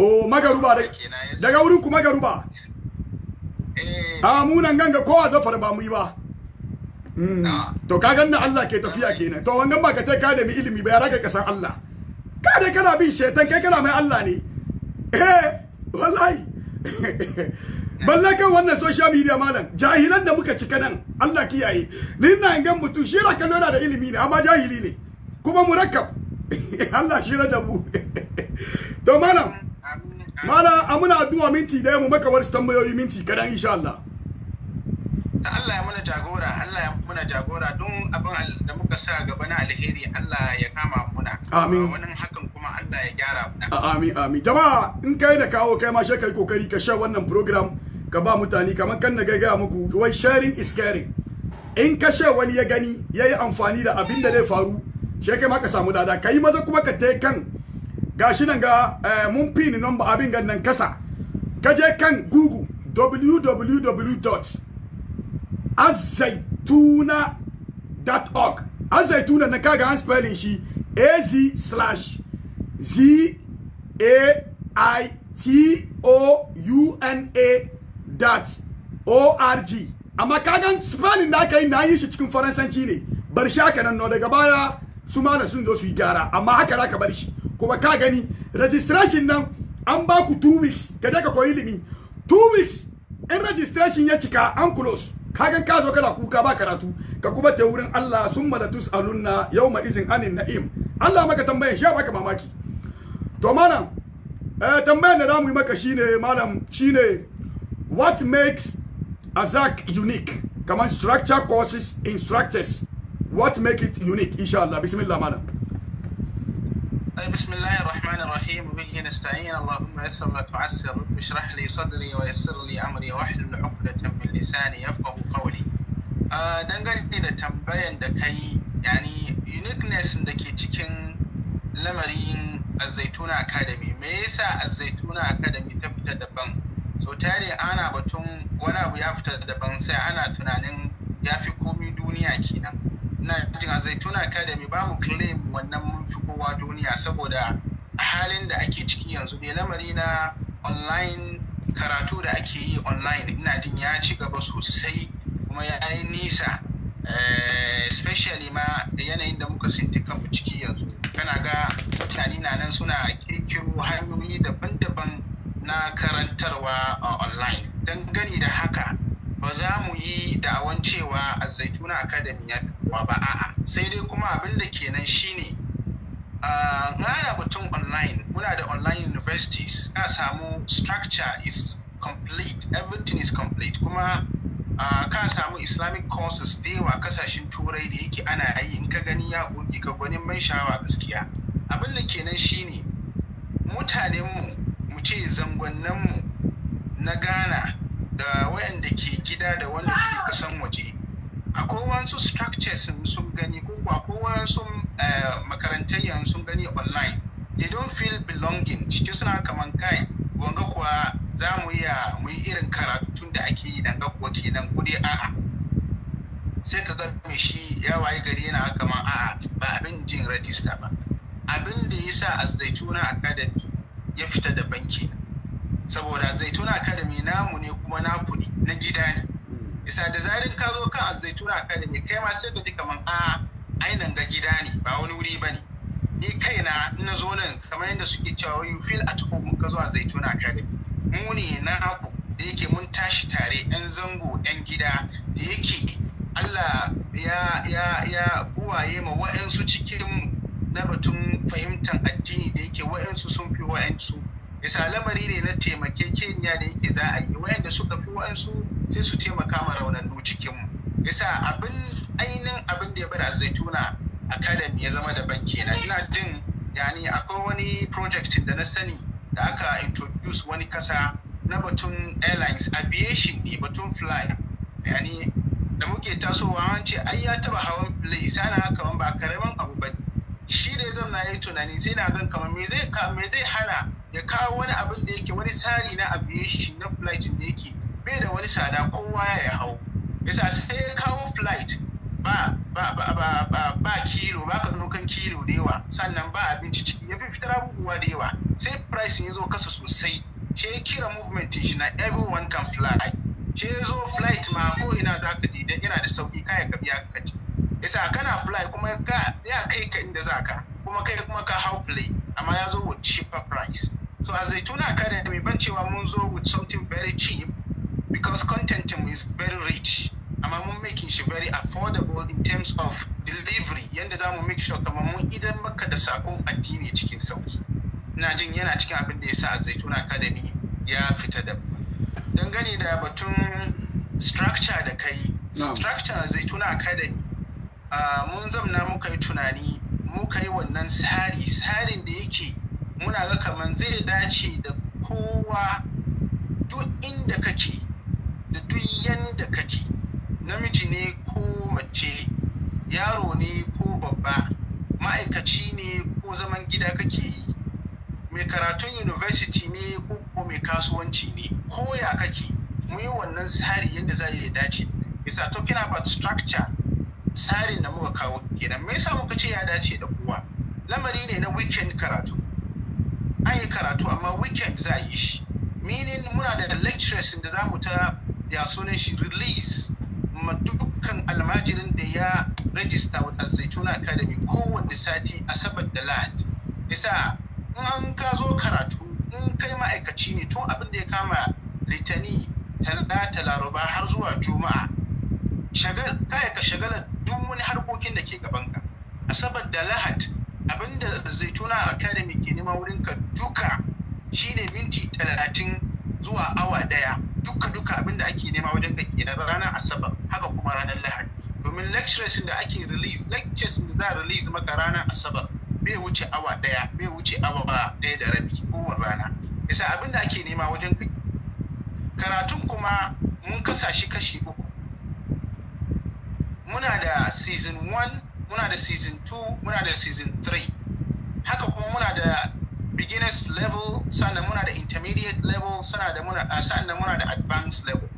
o magaruba oh, daga wurin ku magaruba a munan ganga kowa zafar ba mu yi ba hmm. to ka ganna Allah ke tafiya kenan to wangan ba ka ta ka da mi ilimi ba ya raka kasan Allah ka dai kana bin shaitan kai kana mai Allah ne eh wallahi balle kan wannan social media malam jahilan da muka cika nan Allah kiyaye ni ina gan mutum shi ra kallo da ilimi ne amma jahili ne kuma murakkab Allah shi da mu to malam mala amuna addu'a minti da mu maka wasu tambayoyi minti kadan insha Allah Allah ya muna jagora Allah ya muna jagora don abin da muka sa gaba na alheri Allah ya kama muna amin wani hakan kuma Allah ya gyara muna amin amin jama'a in kai da kawo kai ma sai kai kokari ka sha wannan program ka ba mutane kamar kan na gaggaya muku wai sharing is caring in ka sha wani ya gani ya yi amfani da abin da zai faru sai kai ma ka samu lada ka yi maza kuma ka tai kan gashi nan ga eh, mun nan number abin gan nan kasa ka je kan google www. azaituna.org azaituna na kaga an spelling shi az slash z a i t o u n a dot o r g amma kaga spelling da aka yi na yi shi cikin faransanci ne bar shi haka nan no daga baya su sun zo su yi gyara amma haka za ka bar shi kuma ka gani registration nan an ba ku 2 weeks ka je ka koyi ilimi 2 weeks in registration ya cika an close Ka kagan ka zo kana kuka ba karatu ka kuma ta wurin Allah summa allunna yau ma izin anin na'im Allah maka tambayan shi baka mamaki to malam eh tambayan da mu yi maka shine malam shine what makes azak unique kama structure courses instructors what make it unique insha Allah bismillah malam طيب بسم الله الرحمن الرحيم وبه نستعين اللهم يسر وتعسر واشرح لي صدري ويسر لي امري واحلل عقدة من لساني يفقه قولي dangane da tambayan da kai yani uniqueness da ke cikin lamarin azaituna academy me yasa azzaituna academy ta fita daban so tare ana batun wani abu ya fita daban sai ana tunanin ya fi komi duniya kenan na jin a zaituna academy ba mu claim wannan mun fi kowa duniya saboda halin da ake ciki yanzu ne lamari na online karatu da ake yi online ina jin ya ci gaba sosai kuma ya yi nisa eh, especially ma yanayin da muka sinti kanmu ciki yanzu kana ga mutane na nan suna kirkiro hanyoyi daban-daban na karantarwa online dangane da haka ba za mu yi da'awan cewa a zaituna academy ya fi ba a'a sai dai kuma abin da kenan shine ana mutum online muna da online universities ka samu structure is complete everything is complete kuma ka samu islamic courses da yawa kasashen turai da yake ana yi in ka gani ya goge ka gwanin mai shawa gaskiya abin da kenan shine mutanenmu mu ce zangonninmu na ghana da wayanda ke gida da wanda suke kasan waje akwai wasu structures sun gani ko akwai wasu eh, makarantar yanzu sun gani online they don't feel belonging cikin suna kaman kai wanga kuwa za mu iya mu yi irin karatun da ake yi dan kuwa nan ko dai a'a sai ka ga me shi ya waye gari yana kaman a'a ba abin jin register ba abin da yasa azzaituna academy ya fita da banki na saboda zaituna academy namu ne kuma na kuɗi na gida ne hmm. bisa da zarin ka zo kan zaituna academy kai ma sai ka ji kaman a ainihin ga gida ne ba wani wuri ba ne ni kai na zo nan kamar yadda suke cewa you feel at home ka zo a zaituna academy mu ne na haku da yake mun tashi tare yan zango yan gida da yake Allah ya ya ya buwaye ma wa'ansu cikin na batun fahimtar addini da yake wa'ansu sun fi wa'ansu bisa lamari ne na taimakekeniya da yake za a yi wayanda suka fi wa'ansu sai su taimaka ma raunannu cikinmu bisa abin ainihin abin da ya bar zaituna academy ya zama daban kenan ina jin yani akwai wani project da na sani da aka introduce wani kasa na batun airlines aviation ne batun fly yani da muke tasowa an ce ai ya taba hawan plane sana kaman ba karamin abu bane shi da ya yi tunani sai na gan kamar me zai hana ya kawo wani abin da yake wani tsari na aviation na flight da yake bai da wani tsada kowa ya hau yasa sai ya kawo flight ba ba ba ba ba ba kilo ba ka kan kilo da yawa sannan ba abinci ciki ya fi fitar abubuwa da yawa sai price ya zo kasa sosai shi ya kira movement shi na everyone can fly shi ya zo flight ma ko ina za ka je yana da sauki kaya ka biya ka ci yasa kana fly kuma ka ya kai ka inda za ka kuma kai kuma ka hau play amma ya zo with cheaper price so a zaituna mai ban cewa mun zo with something very cheap because content is very rich amma mun making shi very affordable in terms of delivery yanda za mu make sure kamar mun idan maka da sakon addini cikin sauki ina jin yana cikin abin da ya sa zaituna academy ya fita da dangane da batun structure da kai structure zaituna academy mun zamna muka yi tunani muka yi wannan tsari tsarin da yake muna ga kamar zai dace da kowa duk inda kake da duk yanda kake namiji ne ko mace yaro ne ko babba ma'aikaci ne ko zaman gida kake yi mai karatun university ne ko ko mai kasuwanci ne ko ya kake mu yi wannan tsari yadda za ya dace bisa talking about structure tsarin da muka kawo kenan me yasa muka ce ya dace da kowa lamari ne na weekend karatu an yi karatu amma weekend za a yi shi meaning muna da lectures da za mu ta ya sunan shi release ma dukkan almajirin da ya rajista wata zaituna academy kowanne sati asabar da lahad yasa in an ka zo karatu in kai ma'aikaci ne tun abin da ya kama litani talata laraba har zuwa juma'a shagal kai ka shagalar duk wani harkokin da ke gabanka asabar da lahat abinda zaituna academy ke nema wurin ka duka shine minti talatin zuwa awa daya duka duka abinda ake nema wajen ka kenan ranar asabar haka kuma ranar lahadi domin lectures da ake release lectures da za a release maka ranar asabar bai wuce awa daya bai wuce awa daya da rabi kowane rana isa abinda ake nema wajen ka karatun kuma mun kasa shi kashi uku muna da season 1 muna da season 2 muna da season 3 haka kuma muna da beginners level sannan muna da intermediate level sannan ah, muna da advanced level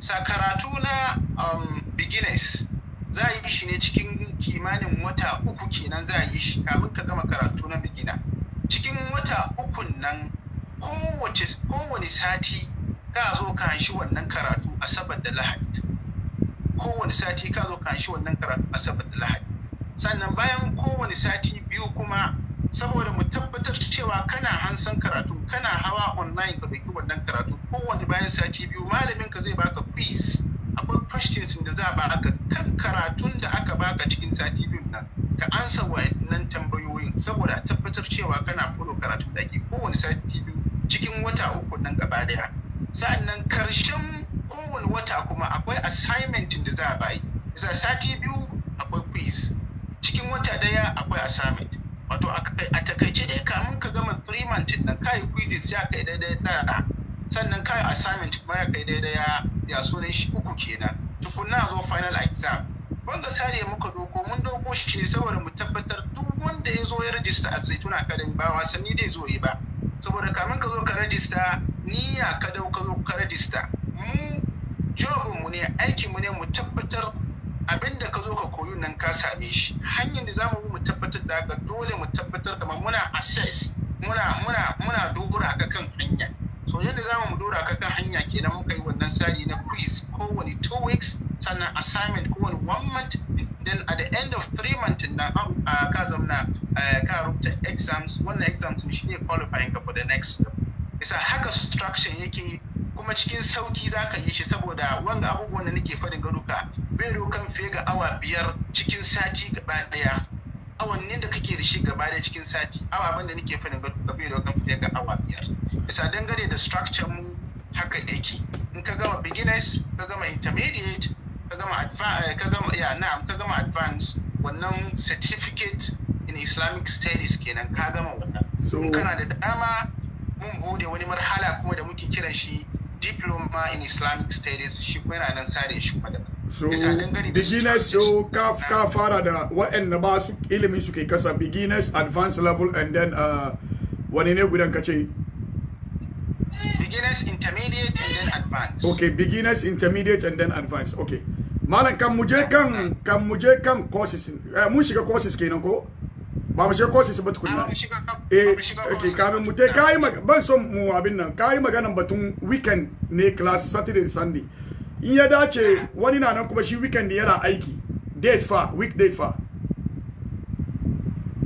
sa karatu na um, beginners za a yi shi ne cikin kimanin wata uku kenan za a yi shi kamun ka gama karatu na beginner cikin wata ukun nan kowane sati ka zo ka shi wannan karatu asabar da lahadi kowane sati ka zo ka shi wannan karatun asabar da lahadi sannan bayan kowane sati biyu kuma saboda mu tabbatar cewa kana hansan karatu kana hawa online ka ɗauki wannan karatu kowane bayan sati biyu malamin ka zai baka quiz akwai questions da za a baka kan karatun da aka baka cikin sati biyu nan ka ansa wa'annan tambayoyin saboda tabbatar cewa kana follow karatu da ake kowane sati biyu cikin wata uku nan gaba daya sa'annan karshen kowane wata kuma akwai assignment da za a bayi za sati biyu akwai quiz cikin wata daya akwai assignment wato a takaice dai kamun ka gama three month nan kai quizzes ya kai daidai tara sannan kai assignment kuma ya kai daidai ya sunan shi uku kenan tukunna zo final exam wanda sare muka doko mun doko shi ne saboda mu tabbatar duk wanda ya zo ya rajista a zaituna academy ba wasanni dai zo yi ba saboda kamin ka zo ka rajista niyya ka dau ka zo ka rajista mu jobin mu ne aikin mu ne mu tabbatar abin da ka zo ka koyo nan ka same shi hanyar da zamu mu tabbatar da haka dole mu tabbatar da muna assess muna muna muna dubura ka kan hanya so yanda zamu mu dora ka kan hanya kenan muka yi wannan sari na quiz kowane two weeks sannan assignment kowane one month then at the end of three months na ka zamna ka rubuta exams wannan exams shine qualifying ka for the next isa haka structure yake kuma cikin sauki za ka yi shi saboda wanga abubuwan da nake faɗin garuka bai dokan fiye ga awa biyar cikin sati gaba ɗaya awannin da kake da shi gaba ɗaya cikin sati ababen da nake faɗin garuka bai dokan fiye ga awa biyar bisa dangane da structure mu haka yake in ka gama beginners ka gama intermediate ka gama advance eh, ka gama ya na'am ka gama advance wannan certificate in islamic studies kenan ka gama wannan kana da dama mun bude wani marhala kuma da muke kiran shi diploma in islamic studies shi kuma yana nan sare shi kuma daban so beginners so ka ka fara da waɗanda ba su ilimin su kai kasa beginners advanced level and then uh, wani ne gudan kace beginners intermediate and then advanced okay beginners intermediate and then advanced okay malam kan muje kan kan muje kan courses eh, mun shiga courses kenan ko ba mu sheko su ba tukunna eh okay kamin mu te kai ban so mu abin nan kai magana batun weekend ne class saturday sunday in ya dace wani na nan kuma shi weekend yana aiki days fa week days fa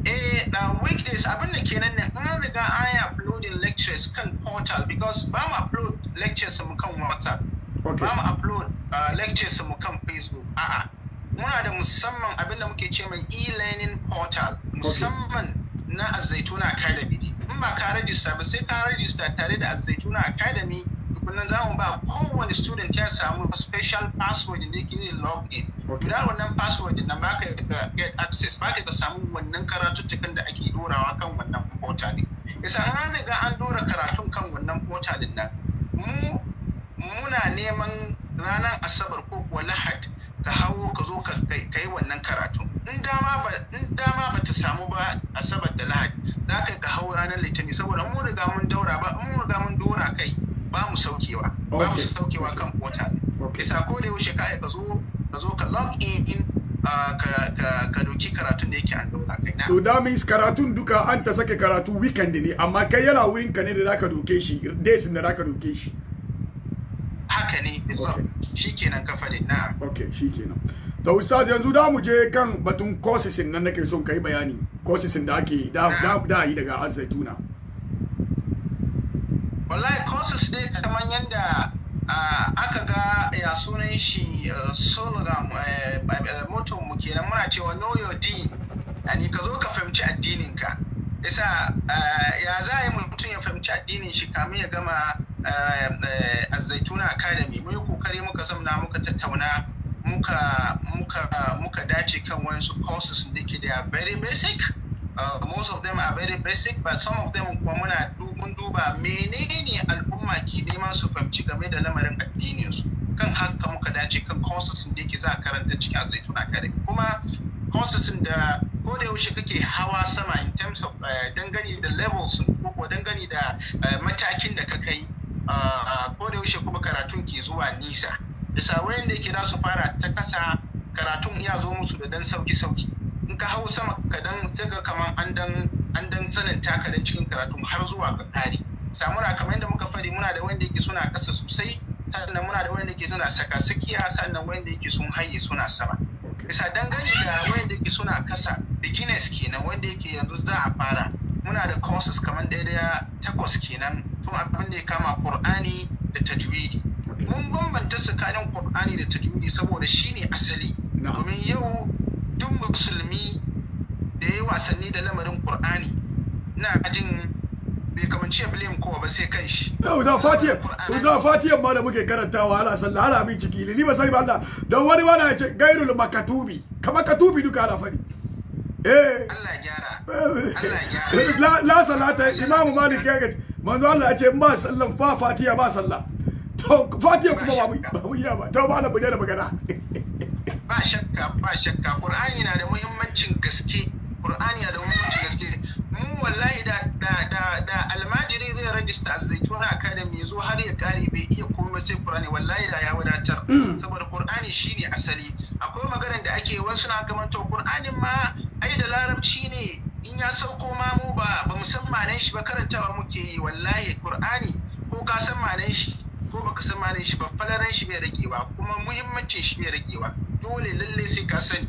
eh week weekdays abin da kenan ne an riga an yi uploading lectures kan portal because ba mu upload lectures mu kan whatsapp ba mu upload ah, lectures mu kan facebook a'a muna da musamman abin da muke ce mai e-learning portal musamman na azaituna academy in ba ka rajista ba sai ka rajista tare da azaituna academy tukunan zamu ba kowane student ya samu special password da yake log login guda wannan password na ba ka get access ba ka samu wannan karatuttukan da ake dorawa kan wannan portal yasa an riga an dora karatun kan wannan portal nan mu muna neman ranar asabar ko kuwa lahadi ka hawo ka zo ka yi wannan karatu in dama ba ta samu ba asabar da lahadi za ka ka hau ranar litinin saboda mun riga mun daura ba mun riga mun dora kai ba mu saukewa ba mu saukewa kan wata bisa ko da yaushe kai ka zo ka zo ka log in in ka doki karatun da yake an daura kai so that means karatun duka an ta sake karatu weekend ne amma kai yana wurin ka ne da zaka doke shi days da zaka doke shi haka ne shikenan kafarin na okay shikenan to ustaz yanzu da mu je kan batun courses nan nake son kai bayani courses da ake da da, da yi daga azaituna. wallahi courses dai kamar yanda aka ga ya sunan shi eh, sologam eh, eh, motor mu kenan muna cewa know your din ani ka zo ka fahimci addininka. isa eh, ya za a yi mutum ya fahimci addinin shi kamin ya gama eh, eh, azzaituna academy mun yi kokari muka zamna muka tattauna muka dace kan wasu courses da ke da very basic uh, most of them are very basic but some of them kuma muna mun duba menene al'umma ke neman su fahimci game da lamarin addinin su kan haka muka dace kan courses da ke za a karanta cikin azzaituna academy kuma processing da ko da yaushe kake hawa sama in terms of eh, dangane da levels ko ko dangane da eh, matakin da ka kai ah, ko da yaushe kuma karatun ke zuwa nisa bisa wayanda yake za su fara ta kasa karatun ya zo musu da dan sauki sauki in ka hau sama kadan sai ka kaman an dan an dan sananta kadan cikin karatun har zuwa ga kare samuna kamar yadda muka fadi muna da wanda yake suna kasa sosai sannan muna da wanda yake suna saka sakiya sannan wanda yake sun haye suna sama bisa dangane da wanda ke suna kasa beginners kenan wanda yake yanzu za a fara muna da courses kamar daidai takwas kenan tun abin da ya kama ƙur'ani da tajwidi mun bambanta tsakanin ƙur'ani da tajwidi saboda shi ne asali domin yau duk musulmi da ya yi wasanni da lamarin qur'ani ina jin bai kamanci ya blame ba sai kanshi yau eh, da fatiya ko za fatiya ma da muke karantawa ala sallah ala min ciki ni ba sani ba Allah don wani ba ya ce gairul makatubi kamar katubi duka ala fadi eh Allah gyara eh. Allah gyara eh, la salata imamu malik ya ga manzo Allah ya ce ba sallan fa fatiya ba sallah to fatiya kuma ba mu iya ba to ba na bude da magana ba shakka ba shakka qur'ani na da muhimmancin gaske qur'ani na da muhimmancin gaske wallahi da da almajiri zai rajista a zaitun academy zo har ya kare bai iya komai sai qur'ani wallahi da ya wadatar mm. saboda qur'ani shine asali akwai maganar da ake wasu na gaman to qur'ani ma ai da larabci ne in ya sauko ma mu ba ba mu san manan shi ba karantawa muke yi wallahi qur'ani ko ka san manan shi ko baka san manan shi ba falaran shi bai ragewa kuma muhimmancin shi bai ragewa dole lalle sai ka sani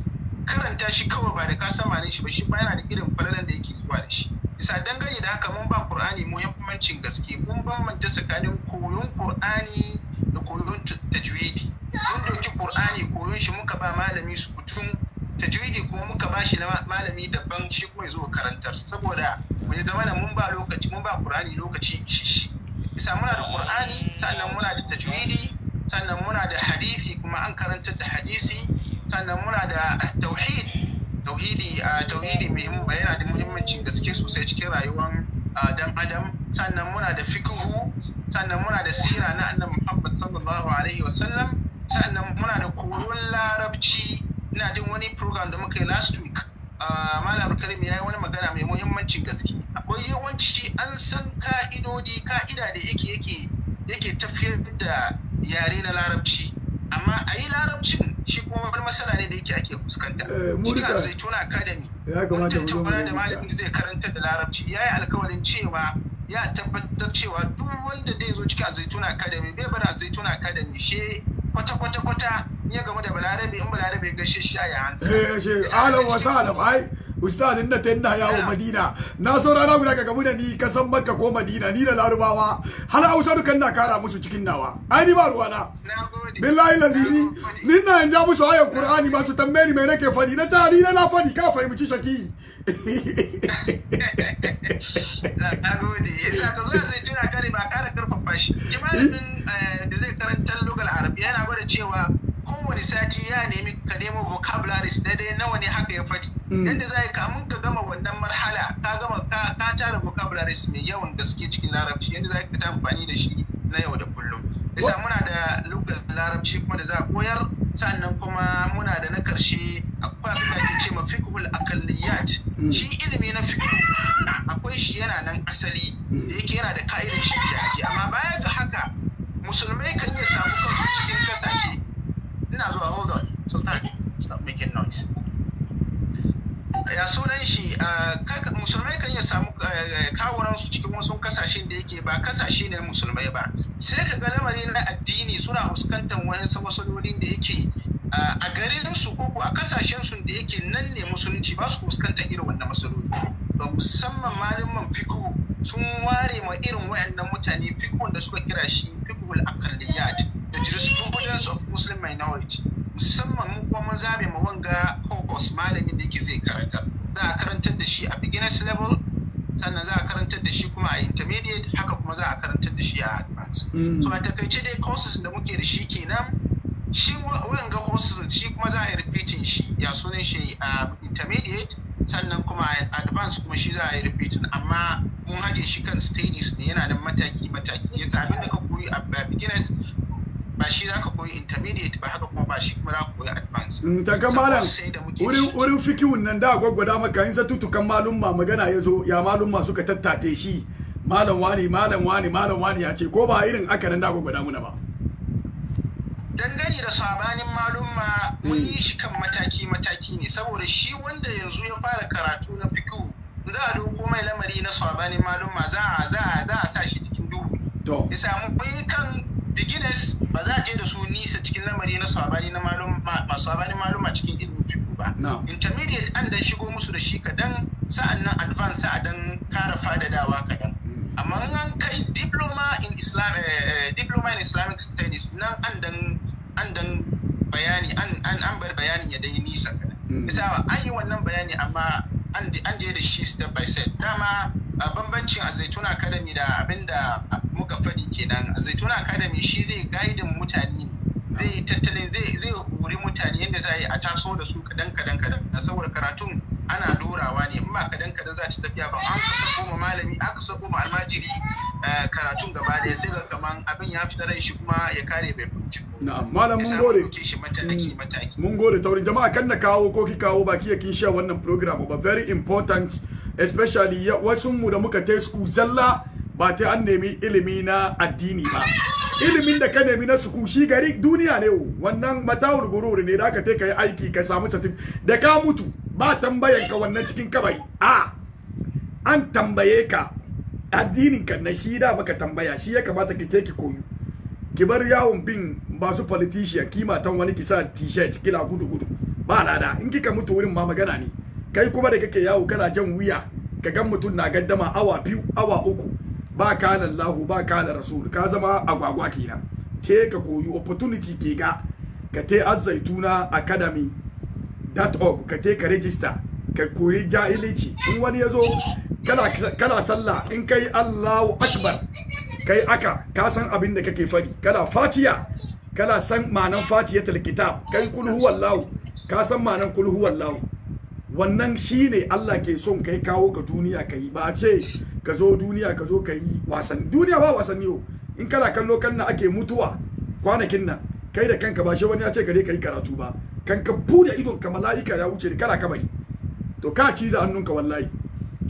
karanta shi kawai ba da ka san ma'anin shi ba shi ba yana da irin falalan da yake zuwa da shi bisa dangane da haka mun ba qur'ani muhimmancin gaske mun bambanta tsakanin koyon qur'ani da koyon tajwidi mun doki qur'ani koyon shi muka ba malami su kutun tajwidi kuma muka ba shi malami daban shi kuma ya zo karantar saboda mu ya zama mun ba lokaci mun ba qur'ani lokaci shi bisa muna da qur'ani sannan muna da tajwidi sannan muna da hadisi kuma an karanta da hadisi sannan muna da tauhid tauhidi tauhidi mai yana da muhimmancin gaske sosai cikin rayuwar dan adam sannan muna da fikihu sannan muna da sira na annabi Muhammad sallallahu alaihi sallam. sannan muna da koyon larabci ina jin wani program da muka yi last week malam karim ya yi wani magana mai muhimmancin gaske akwai yawanci an san ka'idodi ka'ida da yake yake yake tafiyar da yare na larabci amma a yi larabcin shi kuma wani matsala ne da yake ake fuskanta eh, shi kan sai tuna academy mun tattauna da malamin zai karanta da larabci ya yi alkawarin cewa ya tabbatar cewa duk wanda zai zo cikin zaituna academy bai bar zaituna academy she kwata kwata kwata ya game da balarabe in balarabe gaishe shi eh, a ya hansa eh eh alam ai ustad inna ta ya madina na so rana guda ka gabu da ni ka san makka ko madina ni da larubawa har hausa dukan na kara musu cikin nawa ai ni ba ruwa ruwana billahi lazizi ni na in ja musu ayan qur'ani ba su tambaye me nake fadi na ta ah, ni na fadi ka fahimci shaki na gode yasa ka zo zai kare ba ƙara karfafa shi eh, da zai karantar lugal yana gwada cewa kowane sati ya nemi ka nemo vocabularies na nawa ne haka ya faɗi hmm. yadda za ka mun ka gama wannan marhala ka gama ka tara vocabularies mai yawan gaske cikin larabci yadda za ka ta amfani da shi na yau da kullum isa muna da lugar larabci kuma da za a koyar sannan kuma muna da na karshe akwai abin da ake ce ma fiqhul aqalliyat hmm. shi ilimi na fiqh akwai shi yana nan asali hmm. da yake yana da ka'idar shi da ake amma baya ga haka musulmai kan iya samu kansu cikin kasashe ina zuwa hold on sultan stop making noise ya sunan shi ah, musulmai kan ya samu ah, eh, kawunansu cikin wasu kasashen da yake ba kasashe ne musulmai ba sai ka ga lamari na addini suna fuskantar wani matsalolin da yake ah, a garin su ko a kasashen su da yake nan ne musulunci ba su fuskantar irin wannan matsaloli ba musamman malin man sun ware ma irin wayannan mutane fiqhun da suka kira shi fiqhul akardiyat the jurisprudence of muslim minority musamman mu kuma mun zabe ma wanga kokos malamin da yake zai karanta za a karantar da shi a beginners level sannan za a karantar da shi kuma a intermediate haka kuma za a karantar da shi a advanced mm. so a takaice dai courses da muke da shi kenan shi wanga courses shi kuma za a yi repeating shi ya sunan shi um, intermediate sannan kuma advanced kuma shi za a yi repeating amma mun haɗe shi kan stages ne yana nan mataki mataki yasa abin da ka koyi a beginners ba shi za ka koyi intermediate ba haka kuma ba shi kuma za ka koyi advanced. Mm, ta malam wurin fikihun nan da gwaggwada maka in zatutukan malumma magana ya zo ya malumma suka tattate shi malam wani malam wani malam wani ya ce ko ba irin aka nan da gwaggwada muna ba. dangane da sabanin malumma mun yi shi kan mataki-mataki ne saboda shi wanda yanzu ya fara karatu na fikihu za a doko mai lamari na sabanin malumma za a za a za a sa shi cikin duhu to ya samu mun kan beginners ba za a je da su nisa cikin lamari na sabanin na malumma sabanin malumma cikin ilimin fikihu ba intermediate an dan shigo musu da shi kadan sa'annan advance a dan kara fadadawa kadan mm. amma an kai diploma in islam eh, eh, diploma in islamic studies nan an dan an dan bayani an bar bayanin ya dai nisa misawa hmm. an yi wannan bayani amma an je da shi step by step dama bambancin a zaituna academy da abinda muka faɗi kenan a zaituna academy shi zai gaidin mutane zai tattale zai hori mutane yadda za a yi a taso da su kadan kadan kadan saboda karatun ana dorawa ne in ba kadan kadan za ta tafiya ba an ka sako ma malami an ka sako ma almajiri Eh, karatun gaba da sai ga kaman abin ya fitar shi kuma ya kare bai fahimci na'am malam mun gode mm. mun gode taurin jama'a kan na kawo ko ki kawo baki yakin sha wannan program ba very important especially wasu mu da muka tai school zalla ba ta an nemi ilimi na addini ba ilimin da ka nemi na suku shi gari duniya ne wannan matawur gururi ne da aka ta kai aiki ka samu satif da ka mutu ba tambayanka wannan cikin kabari a an tambaye ka addinin ka na shi da baka tambaya shi ya kamata ki take koyo ki bar yawon bin masu politician kima tan wani ki sa t-shirt kila gudu gudu ba lada in kika mutu wurin ma magana ne kai kuma da kake yawo kana jan wuya ka gan mutum na gaddama awa biyu awa uku ba ka lallahu ba kana Rasul ka zama agwagwa kenan te ka koyi opportunity ke ga ka te azzaituna academy.org ka te ka register ka koyi jahilici in wani ya zo kana sallah in kai allahu akbar kai aka ka san abin da kake fadi kana fatiya kana san ma'anan fatiyatul kitab kai kul Allahu. ka san ma'anan kul Allahu. wannan shine Allah ke son kai kawo ka duniya ka yi ba ce ka zo duniya ka zo ka yi wasan duniya ba wasanni yo in kana kallo kan na ake mutuwa kwanakin nan kai da kanka ba shi wani ya ce ka je ka yi karatu ba kanka bude idon ka mala'ika ya wuce kana bari. to ka ciza hannunka wallahi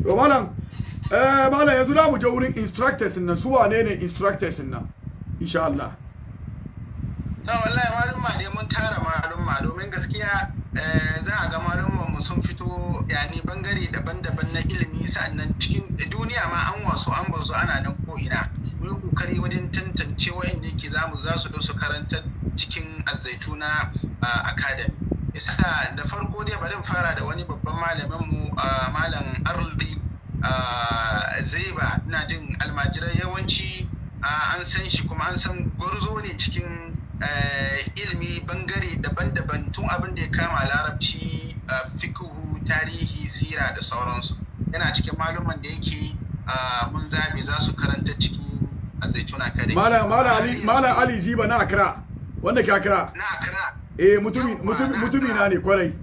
to malam eh malam yanzu da mu je wurin instructors nan su wane ne instructors nan insha Allah to wallahi malum ma dai mun tara malum ma domin gaskiya eh, za a ga malum mu sun fito yani bangare daban-daban na ilimi sa'annan cikin duniya ma an wasu an bazu ana nan ko ina Mun kokari wajen tantance wa'anda yake zamu za su da su karantar cikin azzaituna ah, academy dai bari fara da wani babban malamin mu malam arli zeba ina jin almajirai yawanci an san shi kuma an san gwarzo ne cikin e, ilimi bangare daban-daban tun abin da ya kama larabci fikihu tarihi sira da sauransu yana cikin maluman da yake mun zabe za su karanta cikin azaitun academy Malam ali ziba na akira wanda ke akira na akira eh mutumi na ne kwarai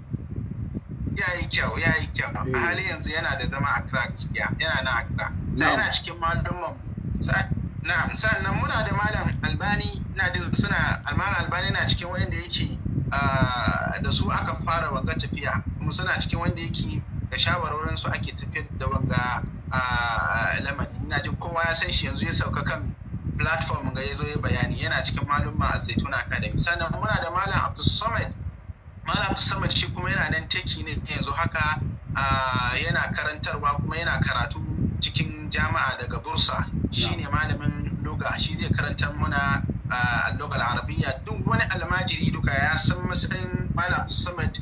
ya yi kyau ya yi kyau a eh. halin yanzu yana da zama a crack gaskiya yana na accra sai yana cikin malumman na sannan muna da malam albani na jin suna almalan albani na cikin wanda yake ah, da su aka fara wanga tafiya kuma suna cikin wanda yake da shawarorin su ake tafiyar da wanga a ah, lamari ina jin kowa ya san shi yanzu ya sauka kan platform ga ya zo ya bayani yana cikin malumma a zaituna academy sannan muna da malam abdul samad malam sama shi kuma yana nan teki ne yanzu haka yana karantarwa kuma yana karatu cikin jama'a daga bursa shi ne malamin loga shi zai karantar muna logal arabiya duk wani almajiri duka ya san matsayin malam samad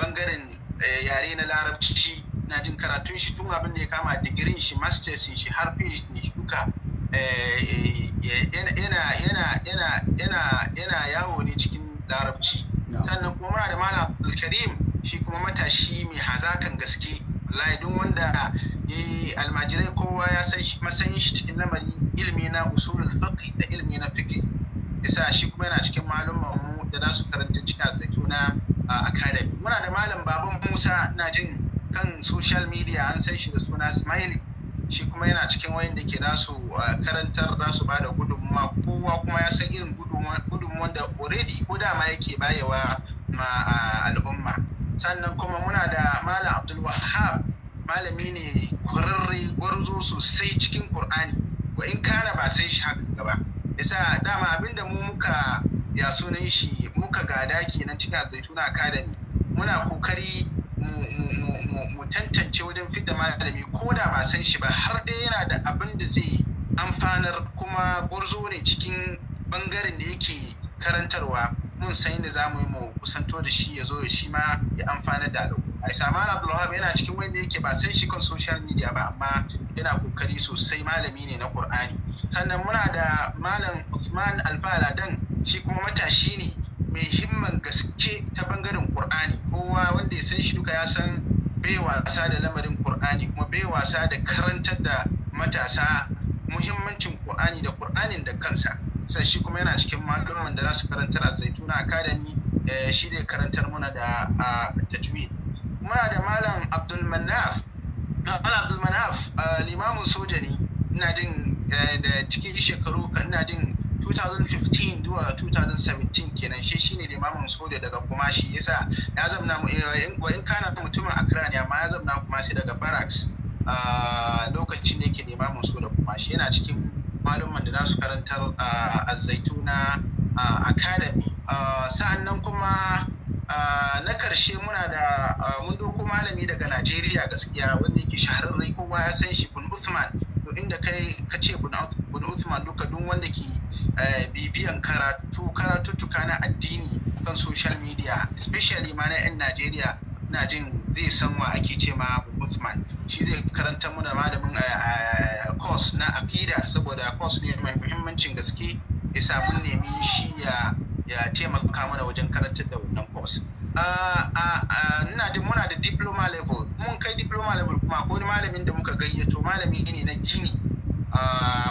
bangaren e, yare na larabci na jin karatun shi tun abin da ya kama digirin shi masters shi har shi duka e, e, yana yawo ne cikin larabci sannan kuma muna da malam abdulkarim shi kuma matashi mai hazakan gaske wallahi duk wanda almajirai kowa ya san shi masan shi cikin lamari ilmi na usulul fiqh da ilmi na fiqh yasa shi kuma yana cikin malaman mu da su karanta cika zakuna academy muna da malam baban musa na jin kan social media an san shi da suna smiley shi kuma yana cikin wayanda ke nasu karantar nasu ba da gudunmuwa kowa kuma ya san irin gudunmuwan da already ko dama yake bayewa ma al'umma sannan kuma muna da malam abdul malami ne kwararre gwarzo sosai cikin Kur'ani, ko in kana ba sai shi haka gaba yasa dama abinda mu muka ya sunan shi muka gada kenan cikin zaituna academy muna kokari mu tantance wajen fidda malami ko da ba san shi ba har dai yana da abin da zai amfanar kuma gurzo ne cikin bangaren da yake karantarwa mun san yadda za mu yi mu kusanto da shi ya zo ya shi ma ya amfanar da al'umma Aisha saman abdulwahab yana cikin wanda yake ba san shi kan social media ba amma yana kokari sosai malami ne na qur'ani sannan muna da malam usman albaladan shi kuma matashi ne mai himman gaske ta bangaren qur'ani kowa wanda ya san shi duka ya san bai wasa da lamarin Kur'ani, kuma bai wasa da karantar da matasa muhimmancin Kur'ani da Kur'anin da kansa sai shi kuma yana cikin malaman da za su karantar a Zaituna Academy eh, shi zai karantar muna da tajwid muna da malam Abdul Manaf Abdul Manaf eh, limamin soja ne ina jin eh, da cikin shekaru ina jin 2015 zuwa 2017 kenan shi shine limamin soja daga shi. yasa ya zamna eh, wa in kana mutumin Accra ne amma ya zamna sai daga barracks ah, lokacin ne ke limamin soja kuma shi. yana cikin malumman da nasu karantar a ah, zaituna ah, academy sa'annan kuma na karshe muna da mun doko malami daga najeriya gaskiya wanda yake shahararre kowa ya san shi kun usman To inda kai ka ce bin Uthman duka duk wanda ke eh, bibiyan karatu tuka na addini kan social media especially ma na 'yan Najeriya na jin zai san wa ake ce ma Usman shi zai karanta mana malamin eh, eh, course na akida saboda course ne mai muhimmancin gaske ya samu nemi shi ya taimaka mana wajen karantar da wannan course ina da muna da diploma level mun kai diploma level kuma ko ni malamin da muka gayyato malami ne na gini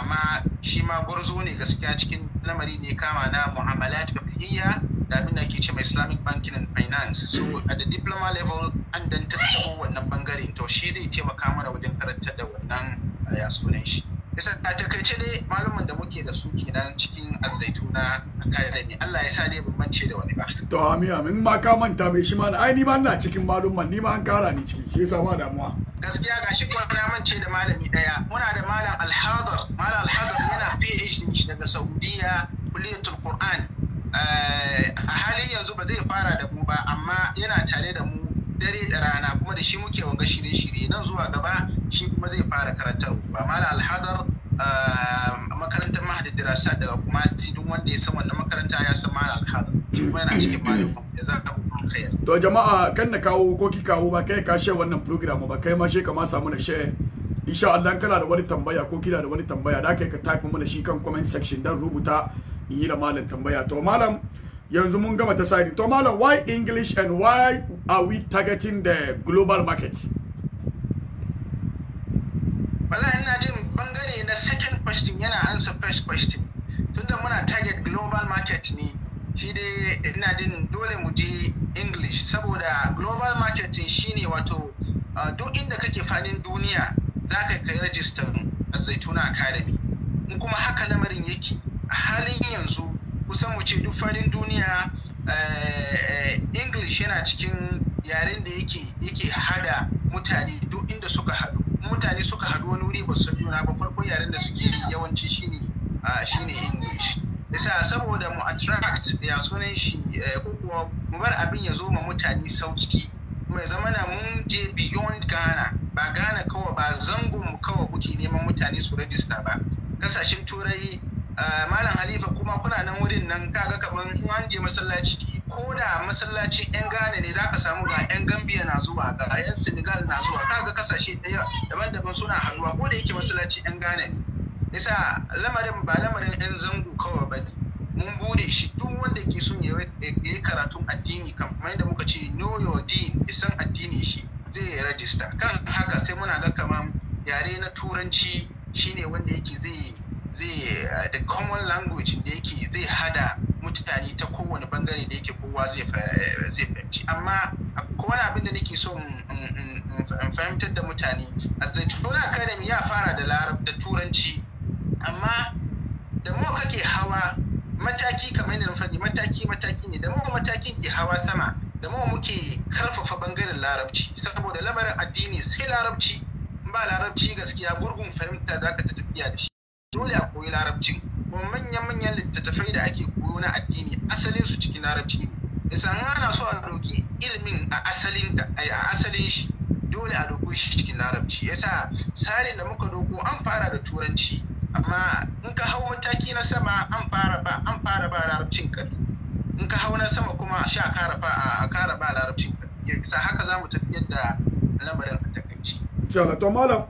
ma shi ma gurzo ne gaskiya cikin lamari ne kama na mu'amalat fiqhiyya da abin da ke ce mai islamic banking and finance so mm. at the diploma level an dan tattabo wannan bangaren to shi zai taimaka mana wajen karantar da wannan ya sunan shi bisa a takaice ne malamin da muke da su kenan cikin azaituna a ne, Allah ya sa ne ban mance da wani ba to amin amin ma ka manta mai shi ma ai ni ma ina cikin malumman ni ma an kara ni ciki shi yasa ba damuwa gaskiya ga shi kuma na mance da malami daya muna da malam alhadar malam alhadar yana PhD shi daga Saudiya kuliyatul Qur'an eh, a halin yanzu ba zai fara da mu ba amma yana tare da mu dare da rana kuma da shi muke wanga shirye-shirye nan zuwa gaba shi kuma zai fara karantar ba da alhadar ah, makarantar mahadin dirasa daga kuma duk wanda ya san wannan makaranta ya san ma alhadar shi kuma yana cikin malamin da za ka kayar. to jama'a kan na kawo ko ki kawo ba kai ka share wannan program ba kai ma shi kama samu na share insha Allah kana da wani tambaya ko kina da wani tambaya da kai ka type mana shi kan comment section dan rubuta yi da malam tambaya to malam yanzu mun gama ta sai to malam why english and why are we targeting the global market? not ina jin bangare na second question yana answer first question. Tunda muna target global market ne, shi dai ina jin dole mu je English saboda global marketing shine wato uh, duk inda kake fadin duniya za ka kai rajistar Zaituna Academy. In kuma haka lamarin yake a halin yanzu kusan mu ce duk fadin duniya Eh, eh, english yana cikin yaren da yake hada mutane duk inda suka hadu mutane suka hadu wani wuri ba su juna ba farkon yaren da suke yawanci shine shine english yasa saboda mu attract ya sunan shi eh, ko kuwa mu bar abin ya zo ma mutane sauki mai zamana mun je beyond ghana ba ghana kawai ba zangon mu kawai kuke neman mutane su rajista ba kasashen turai Eh, malam halifa kuma kuna nan wurin nan kaga kamar in an je masallaci ko da masallacin yan ghana ne za ka samu ga yan gambia na zuwa ga yan senegal na zuwa kaga kasashe daya daban-daban suna haduwa ko da yake masallacin yan ghana ne nisa lamarin ba lamarin yan zango kawai ba ne mun bude shi duk wanda ke son ya yi karatun addini kamar yadda muka ce know your din isan addini shi zai yi rajista kan haka sai muna ga kamar yare na turanci shine wanda yake zai zai da eh, common language da yake zai hada mutane ta kowane bangare da yake kowa zai eh, fahimci amma wani abin da nake so in fahimtar da mutane a zaitun academy ya fara da da turanci amma da mu kake hawa mataki kamar yadda faɗi mataki mataki ne da mu matakin ke hawa sama da mu muke karfafa bangaren larabci saboda lamarin addini sai larabci ba larabci gaskiya gurgun fahimta za ka ta tafiya da shi dole a koyi larabcin kuma manya-manyan littattafai da ake koyo na addini asalin su cikin larabci ne ana so a roki ilimin a asalin a asalin shi dole a doko shi cikin larabci yasa salin da muka doko an fara da turanci amma in ka hau mataki na sama an fara ba an fara ba larabcin karfi in ka hau na sama kuma a sha kara ba a kara ba larabcin karfi yasa haka za mu tafiyar da lamarin a takaici. to malam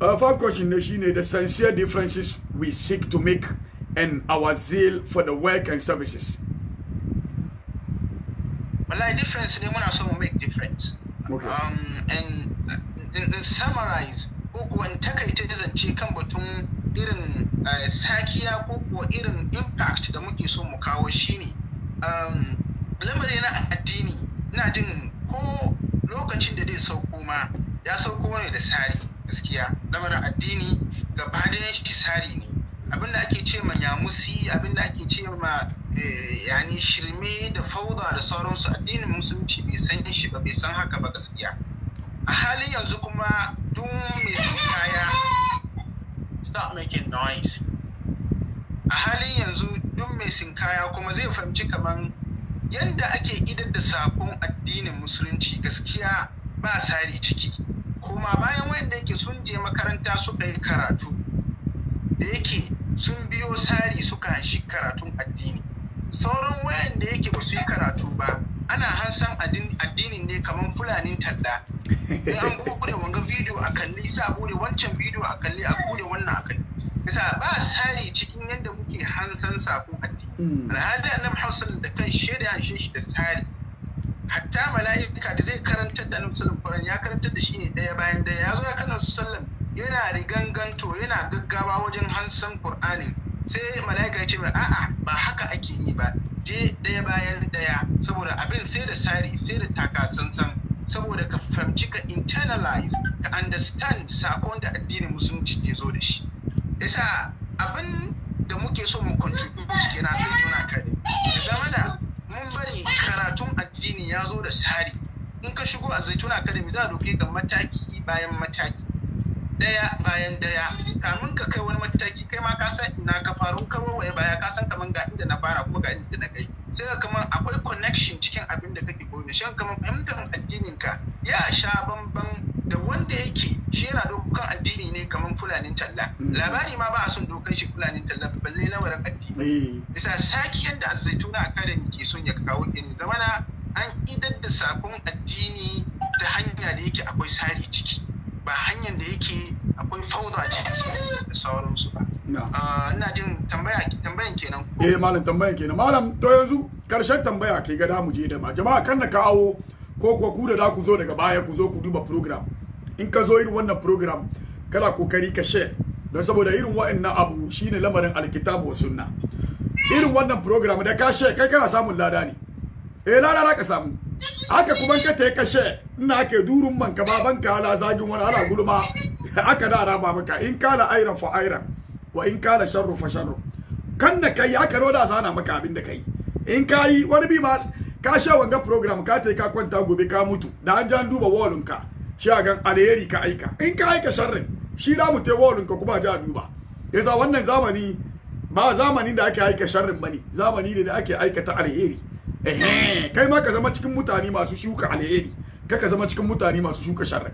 Uh, five questions Nation, the sincere differences we seek to make and our zeal for the work and services. Well, difference, the one also make difference. Okay. Um, and, and, and summarize, when takaita zance kan batun irin uh, sakiya ko kuwa irin impact da muke so mu kawo shine um, lamari na addini ina jin ko lokacin da zai sauko ma ya sauko in da side. gaskiya lamarin addini gaba ɗayan shi sari ne abinda ake ce ma nyamusi abinda ake ce ma eh, yani shirme da fauda da sauransu addinin musulunci bai san shi ba bai san haka ba gaskiya a halin yanzu kuma duk mai sun kaya stop making noise a halin yanzu duk mai kaya kuma zai fahimci kaman yadda ake idar da sakon addinin musulunci gaskiya ba sari ciki koma bayan wanda yake sun je makaranta suka yi karatu da yake sun biyo sari suka shi karatun addini sauran wayanda yake ba su yi karatu ba ana hansan addinin ne kamar fulanin talla Sai an bude wanga bidiyo a kalli sa gure wancan bidiyo a kalli a bude wannan a kalli bisa ba sari cikin yadda muke hansan sakon addini hmm. alhali annabi hausa da kan shaida shi da sari hatta mala'ika da zai karantar da annabi sallallahu ya karantar da shi ne daya bayan daya ya zo ya su sallam yana riganganto yana gaggawa wajen hansan Kur'ani. sai mala'ika ya ce a'a ba haka ake yi ba je daya bayan daya saboda abin sai da sari sai da taka sansan, saboda ka fahimci ka internalize ka understand sakon da addinin musulunci ke zo da shi yasa abin da muke so mu contribute kenan sai tuna kare da zamana mun bari karatun addini ya zo da sari in ka shigo a Zaituna academy za a doke ga mataki bayan mataki daya bayan daya kamun ka kai wani mataki kai ma ka san ina ka faru ka waye baya ka san kaman ga inda na fara kuma ga inda na kai sai ka kaman akwai connection cikin abin da kake koyi shan kaman fahimtar addinin ka ya sha bamban da wanda yake shi yana dokan addini ne kaman fulanin talla mm. labari ma ba a son dokan shi fulanin talla balle lamarin addini eh. bisa saki yanda azzaituna academy ke kawo ɗin zamana an idar da sakon addini ta hanya da yake akwai sari ciki ba hanyar da yake akwai fauda ciki da sauransu ba ah, ina jin tambayan kenan eh malam tambayan kenan malam to yanzu karshen tambaya kai ga mu je da ma jama'a kan na kawo ko ko ku da za ku zo daga baya ku zo ku duba program in ka zo irin wannan program kana kokari ka share don saboda irin wa'annan abu shine lamarin alkitabu wa sunna irin wannan program da ka kai kana samun lada ne eh lada za ka samu haka kuma ka ta ka ina ake durun man ka baban ka ala zagin wani ala gulma aka da ara maka in kala ayran fa ayran wa in kala sharru fa sharru kan da kai aka roda sana maka abin da kai in kai wani bi ma ka sha wanga program ka ta ka kwanta gobe ka mutu da an jan duba wallin ka shi a gan alheri ka aika in ka aika sharrin shi da mu te wallin ka kuma ja duba yasa wannan zamani ba zamanin da ake aika sharrin bane zamani ne da ake aikata alheri eh kai ma ka zama cikin mutane masu shuka alheri kai ka zama cikin mutane masu shuka sharri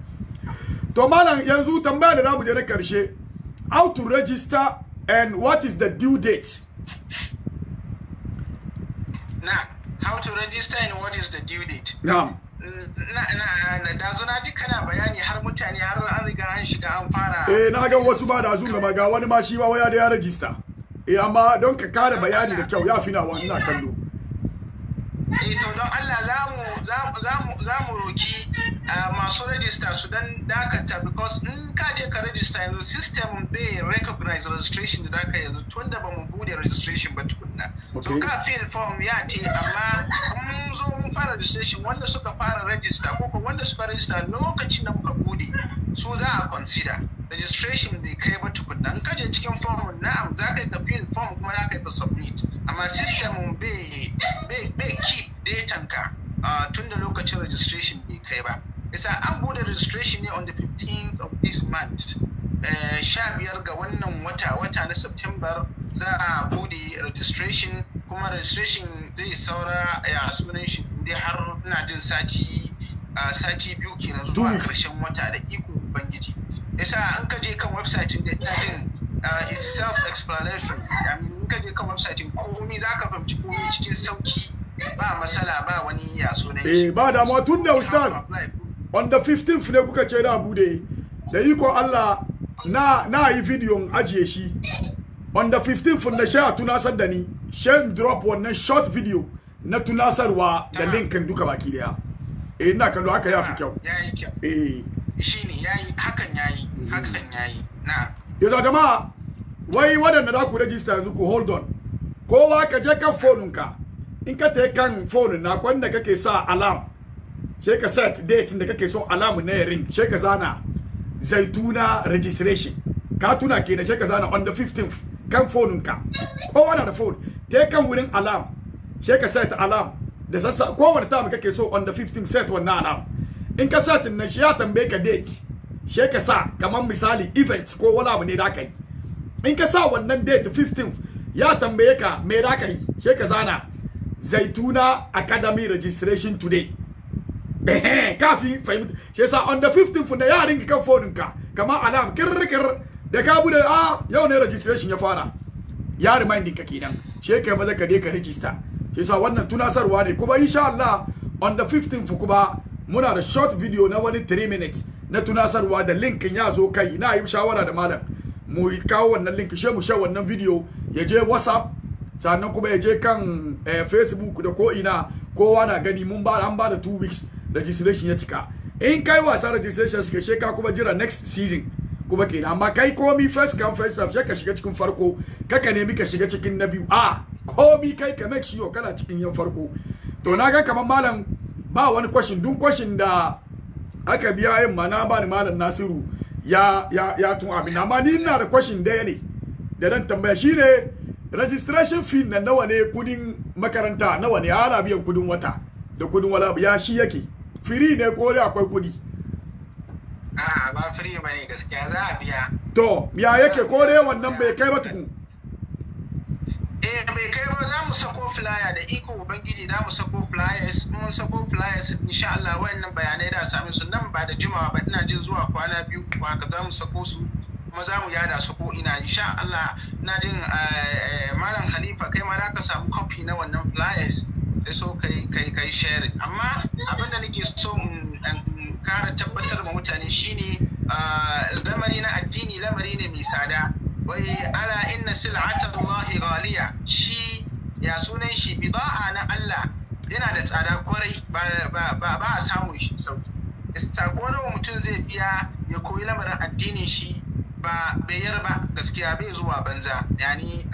to malam yanzu tambaya da zamu je na karshe how to register and what is the due date na'am how to register and what is the due date na'am na na ji kana bayani har mutane har an riga an shiga an fara eh na ga wasu ba zuwa na ga wani ma shi ba waya da ya register eh amma don ka kare bayani da kyau ya fi nawa ina kallo eh to don Allah za mu za roki Eh, masu rajista su dan dakata because in ka je ka rajista yanzu system bai recognize registration da zaka yanzu tun da ba mu bude registration ba tukunna so ka fill form ya ti amma mun zo mun fara registration wanda suka fara register ko ko wanda suka register lokacin da muka bude su za a consider registration bai kai ba tukunna in ka je cikin form na'am za ka ka fill form kuma za ka ka submit amma system bai bai keep datan ka eh, tun da lokacin registration bai kai ba isa an bude registration ne on the 15th of this month eh, sha biyar ga wannan wata wata na september za a bude registration kuma registration zai saura ya sunan shi dai har ina jin sati sati biyu kenan zuwa karshen wata da iko ubangiji isa an ka je kan website da ina jin is self explanatory in ka je kan website komi za ka fahimci komi cikin sauki ba masala ba wani ya sunan shi eh ba damuwa tun da ustaz on the 15th ne kuka ce da bude da iko Allah na na yi video ajiye shi on the 15th na sha tunasar da ni shan drop wannan short video na tunasarwa da linkin duka baki daya eh ina kallo haka ya fi kyau eh Shi ya yayi hakan yayi mm. hakan yayi na yanzu jama'a wai waɗanda da ku register yanzu ku hold on kowa ka je kan ka in ka ta kan fonin na kwanda kake sa alarm Sheka set date da kake so alamu na ring sheka zana zaituna registration ka tuna kenan sai zana on the 15th kan fonin ka kowa na da phone te kan wurin alam sheka set alam da sassa kowane ta kake so on the 15th set wannan alam in ka set na shi ya tambaye ka date sheka sa kamar misali event ko wani abu ne da ka yi in ka sa wannan date 15th ya tambaye ka me da ka yi zana zaituna academy registration today behen kafin fahimta shi yasa on the 15th da ya ringa kan fonin ka kama alam kirkir da ka bude a ah, yau ne registration ya fara ya remind ka kenan shi kai maza ka je ka register shi yasa wannan tunasarwa ne kuma insha Allah on the 15th kuma muna da short video na wani 3 minutes na tunasarwa da linkin ya zo kai na yi shawara da malam mu kawo wannan link she mu share wannan video ya je whatsapp sannan kuma ya je kan eh, facebook da ko ina kowa na gani mun ba an ba da 2 weeks registration ya cika in kai wasa registration shi ke ka kuma jira next season kuma kenan amma kai komi first come first serve ka shiga cikin farko kaka nemi ka shiga cikin na biyu a ah, komi kai ka make sure kana cikin yan farko to na ga kaman malam ba wani question dun question da aka biya yin ma na bani malam Nasiru ya ya ya tun abin amma ni ina da question daya ne da dan tambaya shine registration fee na nawa ne kudin makaranta nawa ne ana biyan kudin wata da kudin wala ya shi yake firi ne ko dai akwai kuɗi a'a ba firi ba ne gaskiya za a biya to ya yake ko dai wannan bai kai ba tukun eh bai kai ba za mu sako flyer da iko ubangiji za mu sako flyers mun sako flyers insha Allah wayannan bayanai da samu su nan ba da jimawa ba ina jin zuwa kwana biyu ko ka za mu sako su kuma za mu yada su ko ina insha Allah na jin eh, eh, malam Halifa kai ma za ka samu copy na wannan flyers da so kai kai kai share amma abin da so in kara tabbatar ma mutane shine lamari na addini lamari ne mai tsada wai ala inna sil'atallahi ghaliya shi ya sunan shi bida'a na Allah yana da tsada kwarai ba a samu shi sauki sako nawa mutum zai biya ya koyi lamarin addinin shi ba bayar ba gaskiya bai zuwa banza yani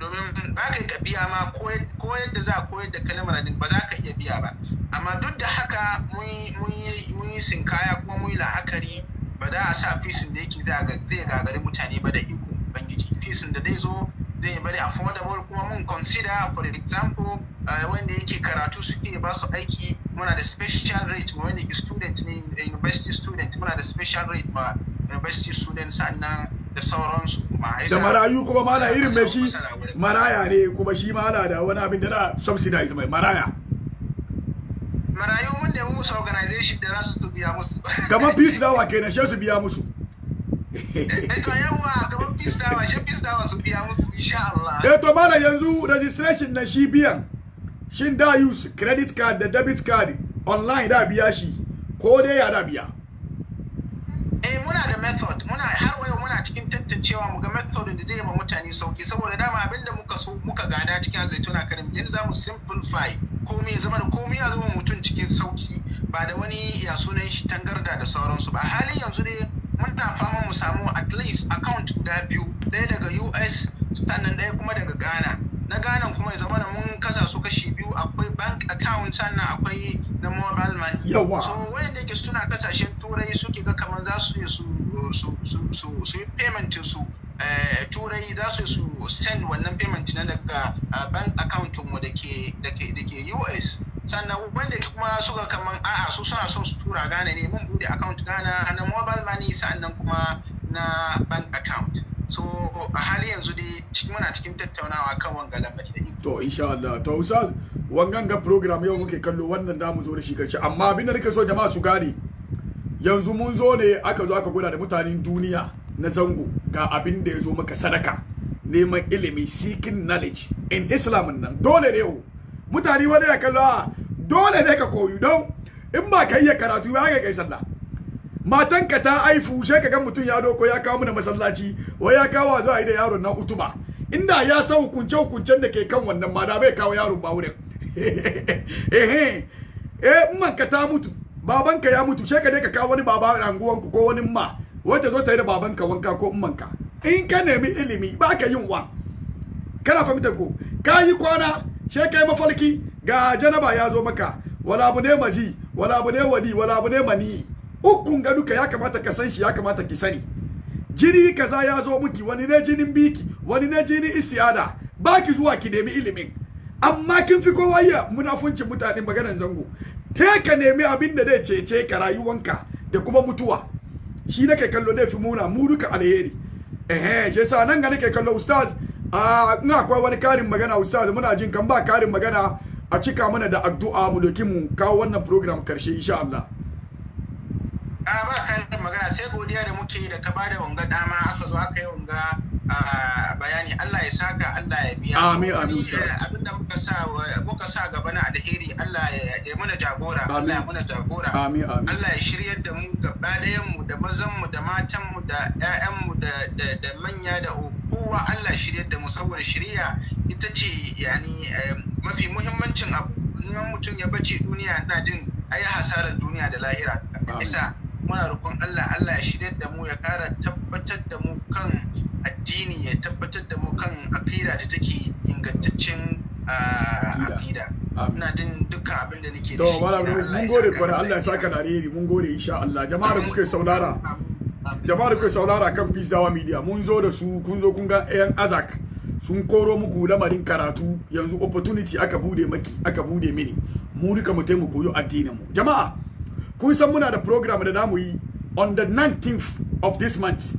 domin ba ka biya ma ko yadda za a koyar da kalmar ba za ka iya biya ba amma duk da haka mun yi sinkaya kuma mun yi la'akari ba za a sa fisin da yake zai gagari mutane ba da iko bangiji fisin da zai zo zai bari affordable kuma mun consider for example eh, wanda yake karatu suke ba su aiki muna da special rate ma wanda student ne eh, university student muna da special rate ma university student sannan da sauransu ma da marayu kuma ma na irin mai shi maraya ne kuma shi ma na da wani abin da na subsidize mai maraya marayu mun nemi musu organization da za su biya musu kamar peace dawa kenan shi su biya musu eto yawa kamar peace dawa shi peace dawa su biya musu insha Allah eto mala yanzu registration na shi biyan shin da use credit card da debit card online da biya shi ko dai ya da biya eh muna da method muna har wayo muna cikin tantancewa mu ga method da zai ma mutane sauki saboda dama abinda muka so muka gada cikin zaituna karim yanzu zamu simplify komai ya zama da komai ya zama mutum cikin sauki ba da wani ya sunan shi tangarda da sauransu ba halin yanzu dai, muna fama mu samu at least account guda biyu ɗaya daga us sannan ɗaya kuma daga ghana na ghana kuma ya zama da mun kasa su kashi biyu akwai bank account sannan akwai na mobile money yawa so wayanda yake suna kasashen turai suke ga kamar za su yi su su su su su payment su Eh, turai za su su send wannan payment na daga eh, bank account mu da ke US sannan wanda kuma suka kaman a'a su suna son su tura gane ne mun bude account Ghana na mobile money sannan kuma na bank account so a hali yanzu dai muna cikin tattaunawa kan wanga lamari to insha Allah to wangan ga program yau muke kallo wannan da mu zo da shi karshe amma abin da nake so jama'a su gane yanzu mun zo ne aka zo aka gwada da mutanen duniya na zango ga abin da ya zo maka sadaka neman ilimi seeking knowledge in islam nan dole ne mutane wani ya kallo ah, dole ne ka koyu don in ba ka iya karatu ba ka kai sallah Matan ka ta aifu she ka ga mutum ya doko ya kawo mana masallaci wai ya kawo zuwa yi da yaron na utuba inda ya sau hukunce hukuncen da ke kan wannan ma da bai kawo yaron ba wurin eh eh in ka ta mutu babanka ya mutu she ka dai ka kawo wani baba ku ko wani ma wata zo ta yi da babanka wanka ko ummanka in ka nemi ilimi ba ka yin wa kana fahimtar ko ka yi kwana she kai mafarki ga janaba ya zo maka wala abu ne mazi wala abu ne wadi wala abu ne mani ukun ga duka ya kamata ka san shi ya kamata ki sani jini kaza ya zo miki wani ne jinin biki wani ne jini isiyada Ba ki zuwa ki nemi ilimin amma kin fi kowa ya munafuncin mutane maganan zango te ka nemi abin da zai cece ka rayuwanka da kuma mutuwa shi nake kallo laifin muna mu duka alheri eh shi yasa nan ga nake kallo ustaz a ina akwai wani karin magana ustaz muna jin kan ba karin magana a cika mana da addu'a mu doki mu kawo wannan program karshe insha Allah a ba karin magana sai godiya da muke da ka bada wanga dama aka zo aka yi wanga bayani Allah ya saka Allah ya biya amin amin eh, abin da muka sa eh, muka sa gaba na alheri Allah ya muna jagora Allah ya muna jagora amin amin Allah ya shiryar da mu gaba dayan mu da mazan mu da matan mu da ƴaƴan mu da da manya da kowa Allah shiryar da mu saboda shiriya ita ce yani eh, mafi muhimmancin abu in mutum ya bace duniya ina jin ayi hasarar duniya da lahira bisa muna roƙon Allah Allah ya shirya da mu ya ƙara tabbatar da mu kan addini ya tabbatar da mu kan akida da take ingantaccen akida ah, ina jin duka abin da nake da shi to malam mun gode kwarai Allah ya saka lariri mun gode insha Allah jama'a da kuke saulara jama'a da kuke saulara kan Peace Dawa Media mun zo da su kun zo kun ga ƴan Azak sun koro muku lamarin karatu yanzu opportunity aka bude maki aka bude mini mu duka mu taimako yau addinin mu jama'a kun san muna da program da namu yi on the 19th of this month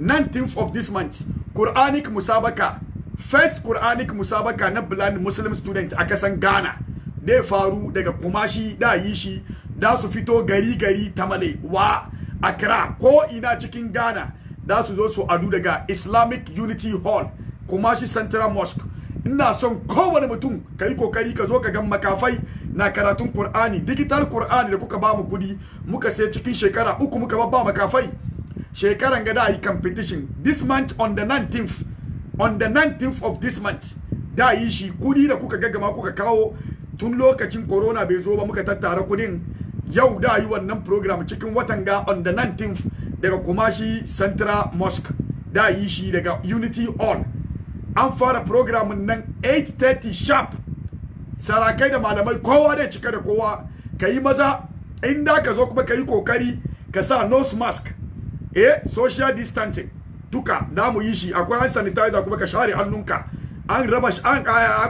19th of this month Quranic musabaka first Quranic musabaka na blind Muslim student a kasan Ghana dai faru daga kumashi da yi shi da su fito gari gari tamale wa Accra ko ina cikin Ghana da su zo su adu daga Islamic Unity Hall kumashi Central Mosque ina son kowane mutum ka yi kokari ka zo ka gan makafai na karatun Kur'ani digital Kur'ani da kuka ba mu kudi muka sai cikin shekara uku muka ba makafai shekaran gada yi competition this month on the 19th on the 19th of this month da yi shi kudi da kuka gaggama kuka kawo tun lokacin corona bai zo ba muka tattara kudin yau da yi wannan program cikin watan ga on the 19th daga kumashi central mosque da yi shi daga unity hall. an fara programin nan 8:30 sharp sarakai da malamai kowa da cika da kowa ka yi maza in ka zo kuma ka yi kokari ka sa nose mask eh social distancing duka da mu yi shi akwai hand sanitizer kuma ka share hannunka an raba an,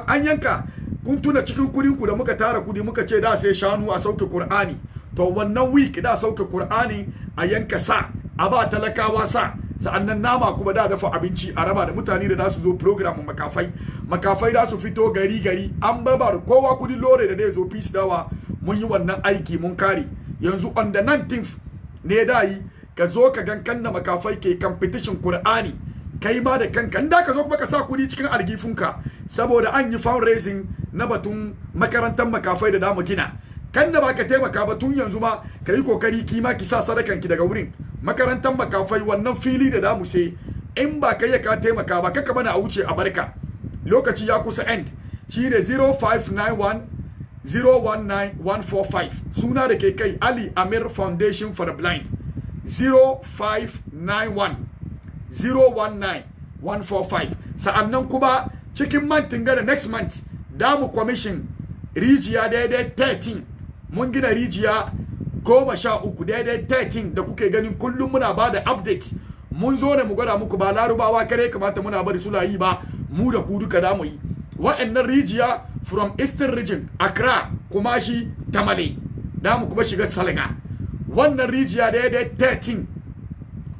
an yanka kun tuna cikin kudin ku da muka tara kudi muka ce da sai shanu a sauke qur'ani to wannan week da sauke qur'ani a yanka sa a ba talakawa sa sa'annan nama kuma da dafa abinci a raba da mutane da su zo program makafai makafai da su fito gari gari an barba da kowa kudi lore da dai zo peace dawa mun yi wannan aiki mun kare yanzu on the 19th ne da yi ka zo ka gan kan da makafai ke competition Qur'ani kai ma da kanka inda ka zo kuma ka sa kudi cikin algifunka saboda an yi fundraising na batun makarantar makafai da damu gina kan da baka taimaka ba tun yanzu ma ka yi kokari kima ki sa sadakan ki daga wurin makarantar makafai wannan fili da damu sai in ba kai ya ka taimaka ba kaka bana a wuce a barka lokaci ya kusa end shi ne 0591019145 suna da ke kai Ali Amir Foundation for the Blind 0591019145 sa'annan kuma cikin mantin gada next month damu commission rijiya daidai 13 mun gina rijiya goma sha uku daidai 13 da kuke ganin kullum muna ba da update mun zo ne mu gwada muku ba larubawa kare kamata muna bari su layi ba mu da ku duka da mu yi wa'annan rijiya from eastern region accra kumashi tamale da mu kuma shiga salga wannan rijiya daidai 13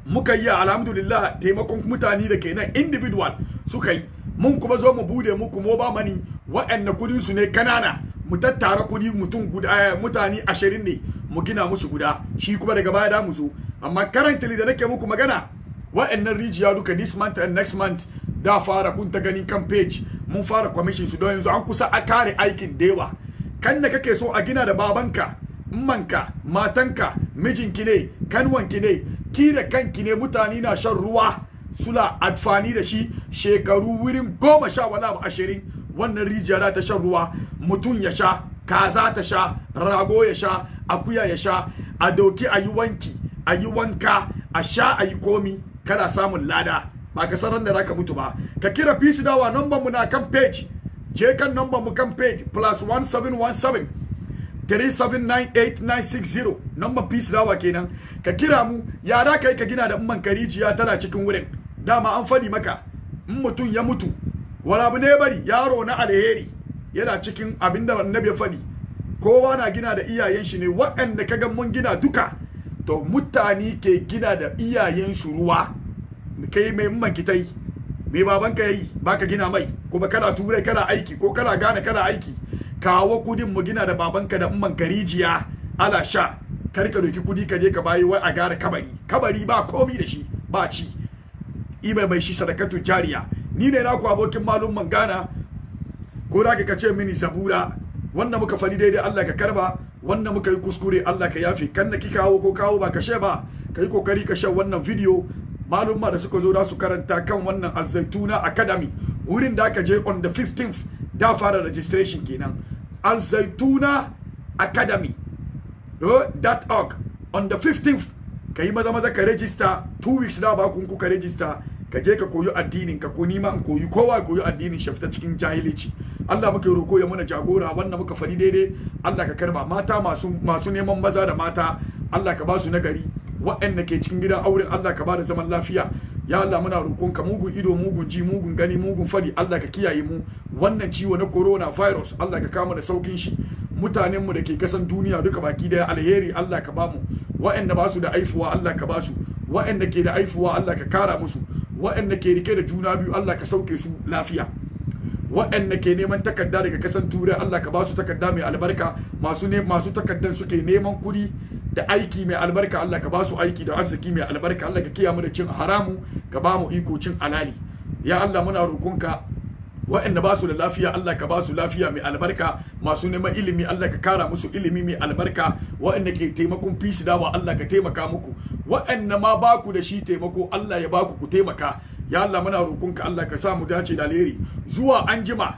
muka yi alhamdulillah taimakon mutane da ke nan individual suka yi mun kuma zo mu bude muku mobile money wa'annan kudin su ne kanana mu tattara kudi mutum guda eh, mutane ashirin ne mu gina musu guda shi kuma daga baya da mu zo amma karantali da nake muku magana wa'annan rijiya duka this month and next month da fara kun ta ganin kan page mun fara commission su don yanzu an kusa a kare aikin dewa kan da kake so a gina da babanka manka matanka mijinki ne kanwanki ne ki da kanki ne mutane na shan ruwa suna amfani da shi shekaru wurin goma sha wala ashirin wannan rijiya za ta shan ruwa mutum ya sha kaza ta sha rago ya sha akuya ya sha a doki a yi wanki a yi wanka a sha a yi komi kana samun lada ba ka san ran da zaka mutu ba ka kira pc dawa number mu na kan page je kan number mu kan page plus 1717 3798960 number peace dawa kenan ka kira mu ya da kai ka gina da umman karijiya tana cikin wurin dama an fadi maka in mutum ya mutu wani abu ne bari yaro na alheri yana cikin abinda da annabi ya faɗi kowa na gina da iyayen shi ne waɗanda kaga mun gina duka to mutane ke gina da iyayen su ruwa kai mai mamman kitai mai babanka yayi baka gina mai kuma kana turai kana aiki ko kana gane kana aiki kawo kudin mu gina da babanka da mun karijiya ala sha kar ka doki kudi ka je ka bayi wai a gara kabari kabari ba komi da shi ba ci ibai mai shi sadakatu jariya ni ne naku abokin man Ghana ko da ka ce mini zabura wannan muka fari daidai Allah ka karba wannan muka yi kuskure Allah ka yafi kan naki ki kawo ko kawo ba ka she ba Kayi kokari ka she wannan video ma da suka zo da su karanta kan wannan Alzaituna Academy wurin da aka je on the 15th da fara registration kenan Alzaituna Academy .org on the 15th ka yi maza maza ka register two weeks da ba kun kuka register ka je ka koyi addinin ka ko nima in koyi kowa ya koyi addinin shi fita cikin jahilici Allah muke roko ya mana jagora wannan muka fari daidai Allah ka karba mata masu masu neman maza da mata Allah ka ba su nagari waɗanda ke cikin gidan auren Allah ka ba da zaman lafiya ya Allah muna ka mugun ido mugun ji mugun gani mugun fari Allah ka kiyaye mu wannan ciwo na corona virus Allah ka kama da saukin shi mutanen mu da ke kasan duniya duka baki daya alheri Allah ka ba mu. waɗanda ba su da aifuwa Allah ka ba su waɗanda ke da aifuwa Allah ka kara musu waɗanda ke rike da juna biyu Allah ka sauke su lafiya waɗanda ke neman takarda daga kasan turai Allah ka ba su takarda mai albarka masu ne masu takardan suke neman kuɗi da aiki mai albarka Allah ka ba su aiki da arziki mai albarka Allah ka kiyamu da cin haramu ka ba mu iko cin alali ya Allah muna roƙonka waɗanda ba su da lafiya Allah ka ba su lafiya mai albarka masu neman ilimi Allah ka kara musu ilimi mai albarka waɗanda ke taimakon fishi dawa Allah ka taimaka muku waɗanda ma ba ku da shi taimako Allah ya ba ku ku taimaka ya Allah muna roƙonka Allah ka sa mu dace da leri zuwa anjima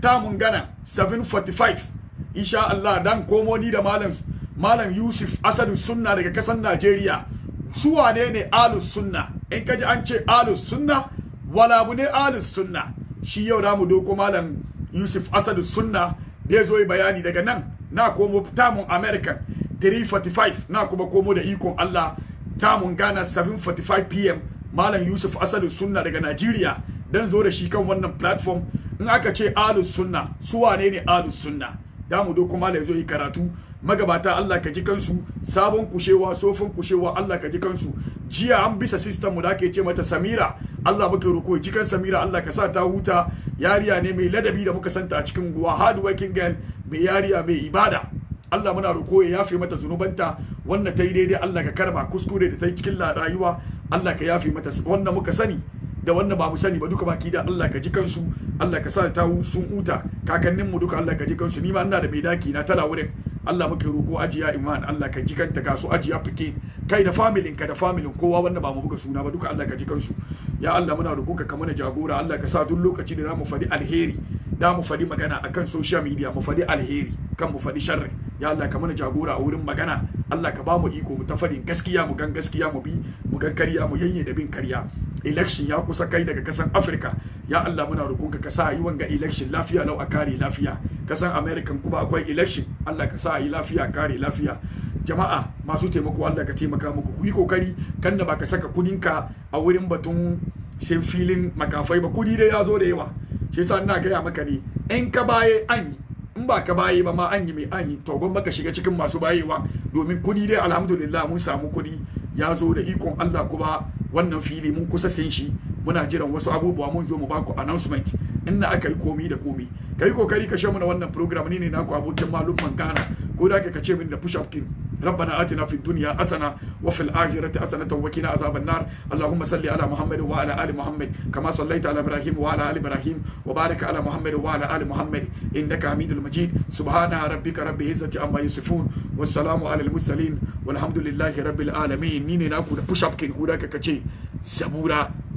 ta mun gana 745 insha Allah dan komo ni da malam malam Yusuf Asadu Sunna daga kasan Najeriya su wane ne alus sunna in kaji an ce alus sunna wala ne alus sunna shi yau da mu doko malam Yusuf Asadu Sunna da zo yi bayani daga nan na komo tamun American 345 na kuma komo da ikon Allah tamun Ghana 745 pm malam Yusuf Asadu Sunna daga Nigeria dan zo da shi kan wannan platform in aka ce alu sunna su wane ne alus sunna da mu doko malam zo yi karatu magabata Allah ka ji kansu sabon kushewa sofin kushewa Allah ka ji kansu jiya an bisa system mu da ake ce mata Samira Allah muke ruko jikan Samira Allah ka sa ta huta yariya ne mai ladabi da muka santa a cikin guwa hard working girl mai yariya mai ibada Allah muna ruko ya yafe mata zunubanta wannan ta yi daidai Allah ka karba kuskure da ta yi cikin rayuwa Allah ka yafe mata wannan muka sani da wannan ba mu sani ba duka baki da Allah ka ji kansu Allah ka sa ta sun huta kakannin mu duka Allah ka ji kansu ni ma ina da mai daki na tala wurin Allah muke roko ajiya iman Allah ka ji kanta ka su ajiya fike kai da familin ka da familin kowa wannan ba mu buga suna ba duka Allah ka ji kansu ya Allah muna roko ka kamana jagora Allah ka sa duk lokaci da mu fadi alheri da mu fadi magana akan social media mu fadi alheri kan mu fadi sharri ya Allah ka mana jagora a wurin magana Allah ka ba mu iko mu ta fadin gaskiya mu gan gaskiya mu bi mu gan kariya mu yanye da bin kariya election ya kusa kai daga kasan Africa ya Allah muna roƙonka ka sa yi wanga election lafiya lau a kare lafiya kasan American kuma akwai election Allah ka sa yi lafiya kare lafiya jama'a masu taimako Allah ka taimaka muku ku yi kokari kan da baka saka ka a wurin batun sai filin makafai ba kudi dai ya zo da yawa shi yasa ina gaya maka ne in ka baye an yi in ba ka baye ba ma an yi mai an yi to gwamma ka shiga cikin masu bayewa domin kudi dai alhamdulillah mun samu kudi ya zo da ikon Allah kuma wannan fili mun kusa sin shi muna jiran wasu abubuwa mun zo mu baku announcement inda aka yi komi da komi kai kokari ka shamu na wannan program ni ne naku abokin malumman Ghana ko da ka ce min da push up king ربنا آتنا في الدنيا حسنة وفي الآخرة حسنة وقنا عذاب النار اللهم صل على محمد وعلى آل محمد كما صليت على إبراهيم وعلى آل إبراهيم وبارك على محمد وعلى آل محمد إنك حميد المجيد سبحان ربك رب العزة عما يصفون والسلام على المرسلين والحمد لله رب العالمين نيني ناكو بوش أب كين كودا كاكاشي سبورا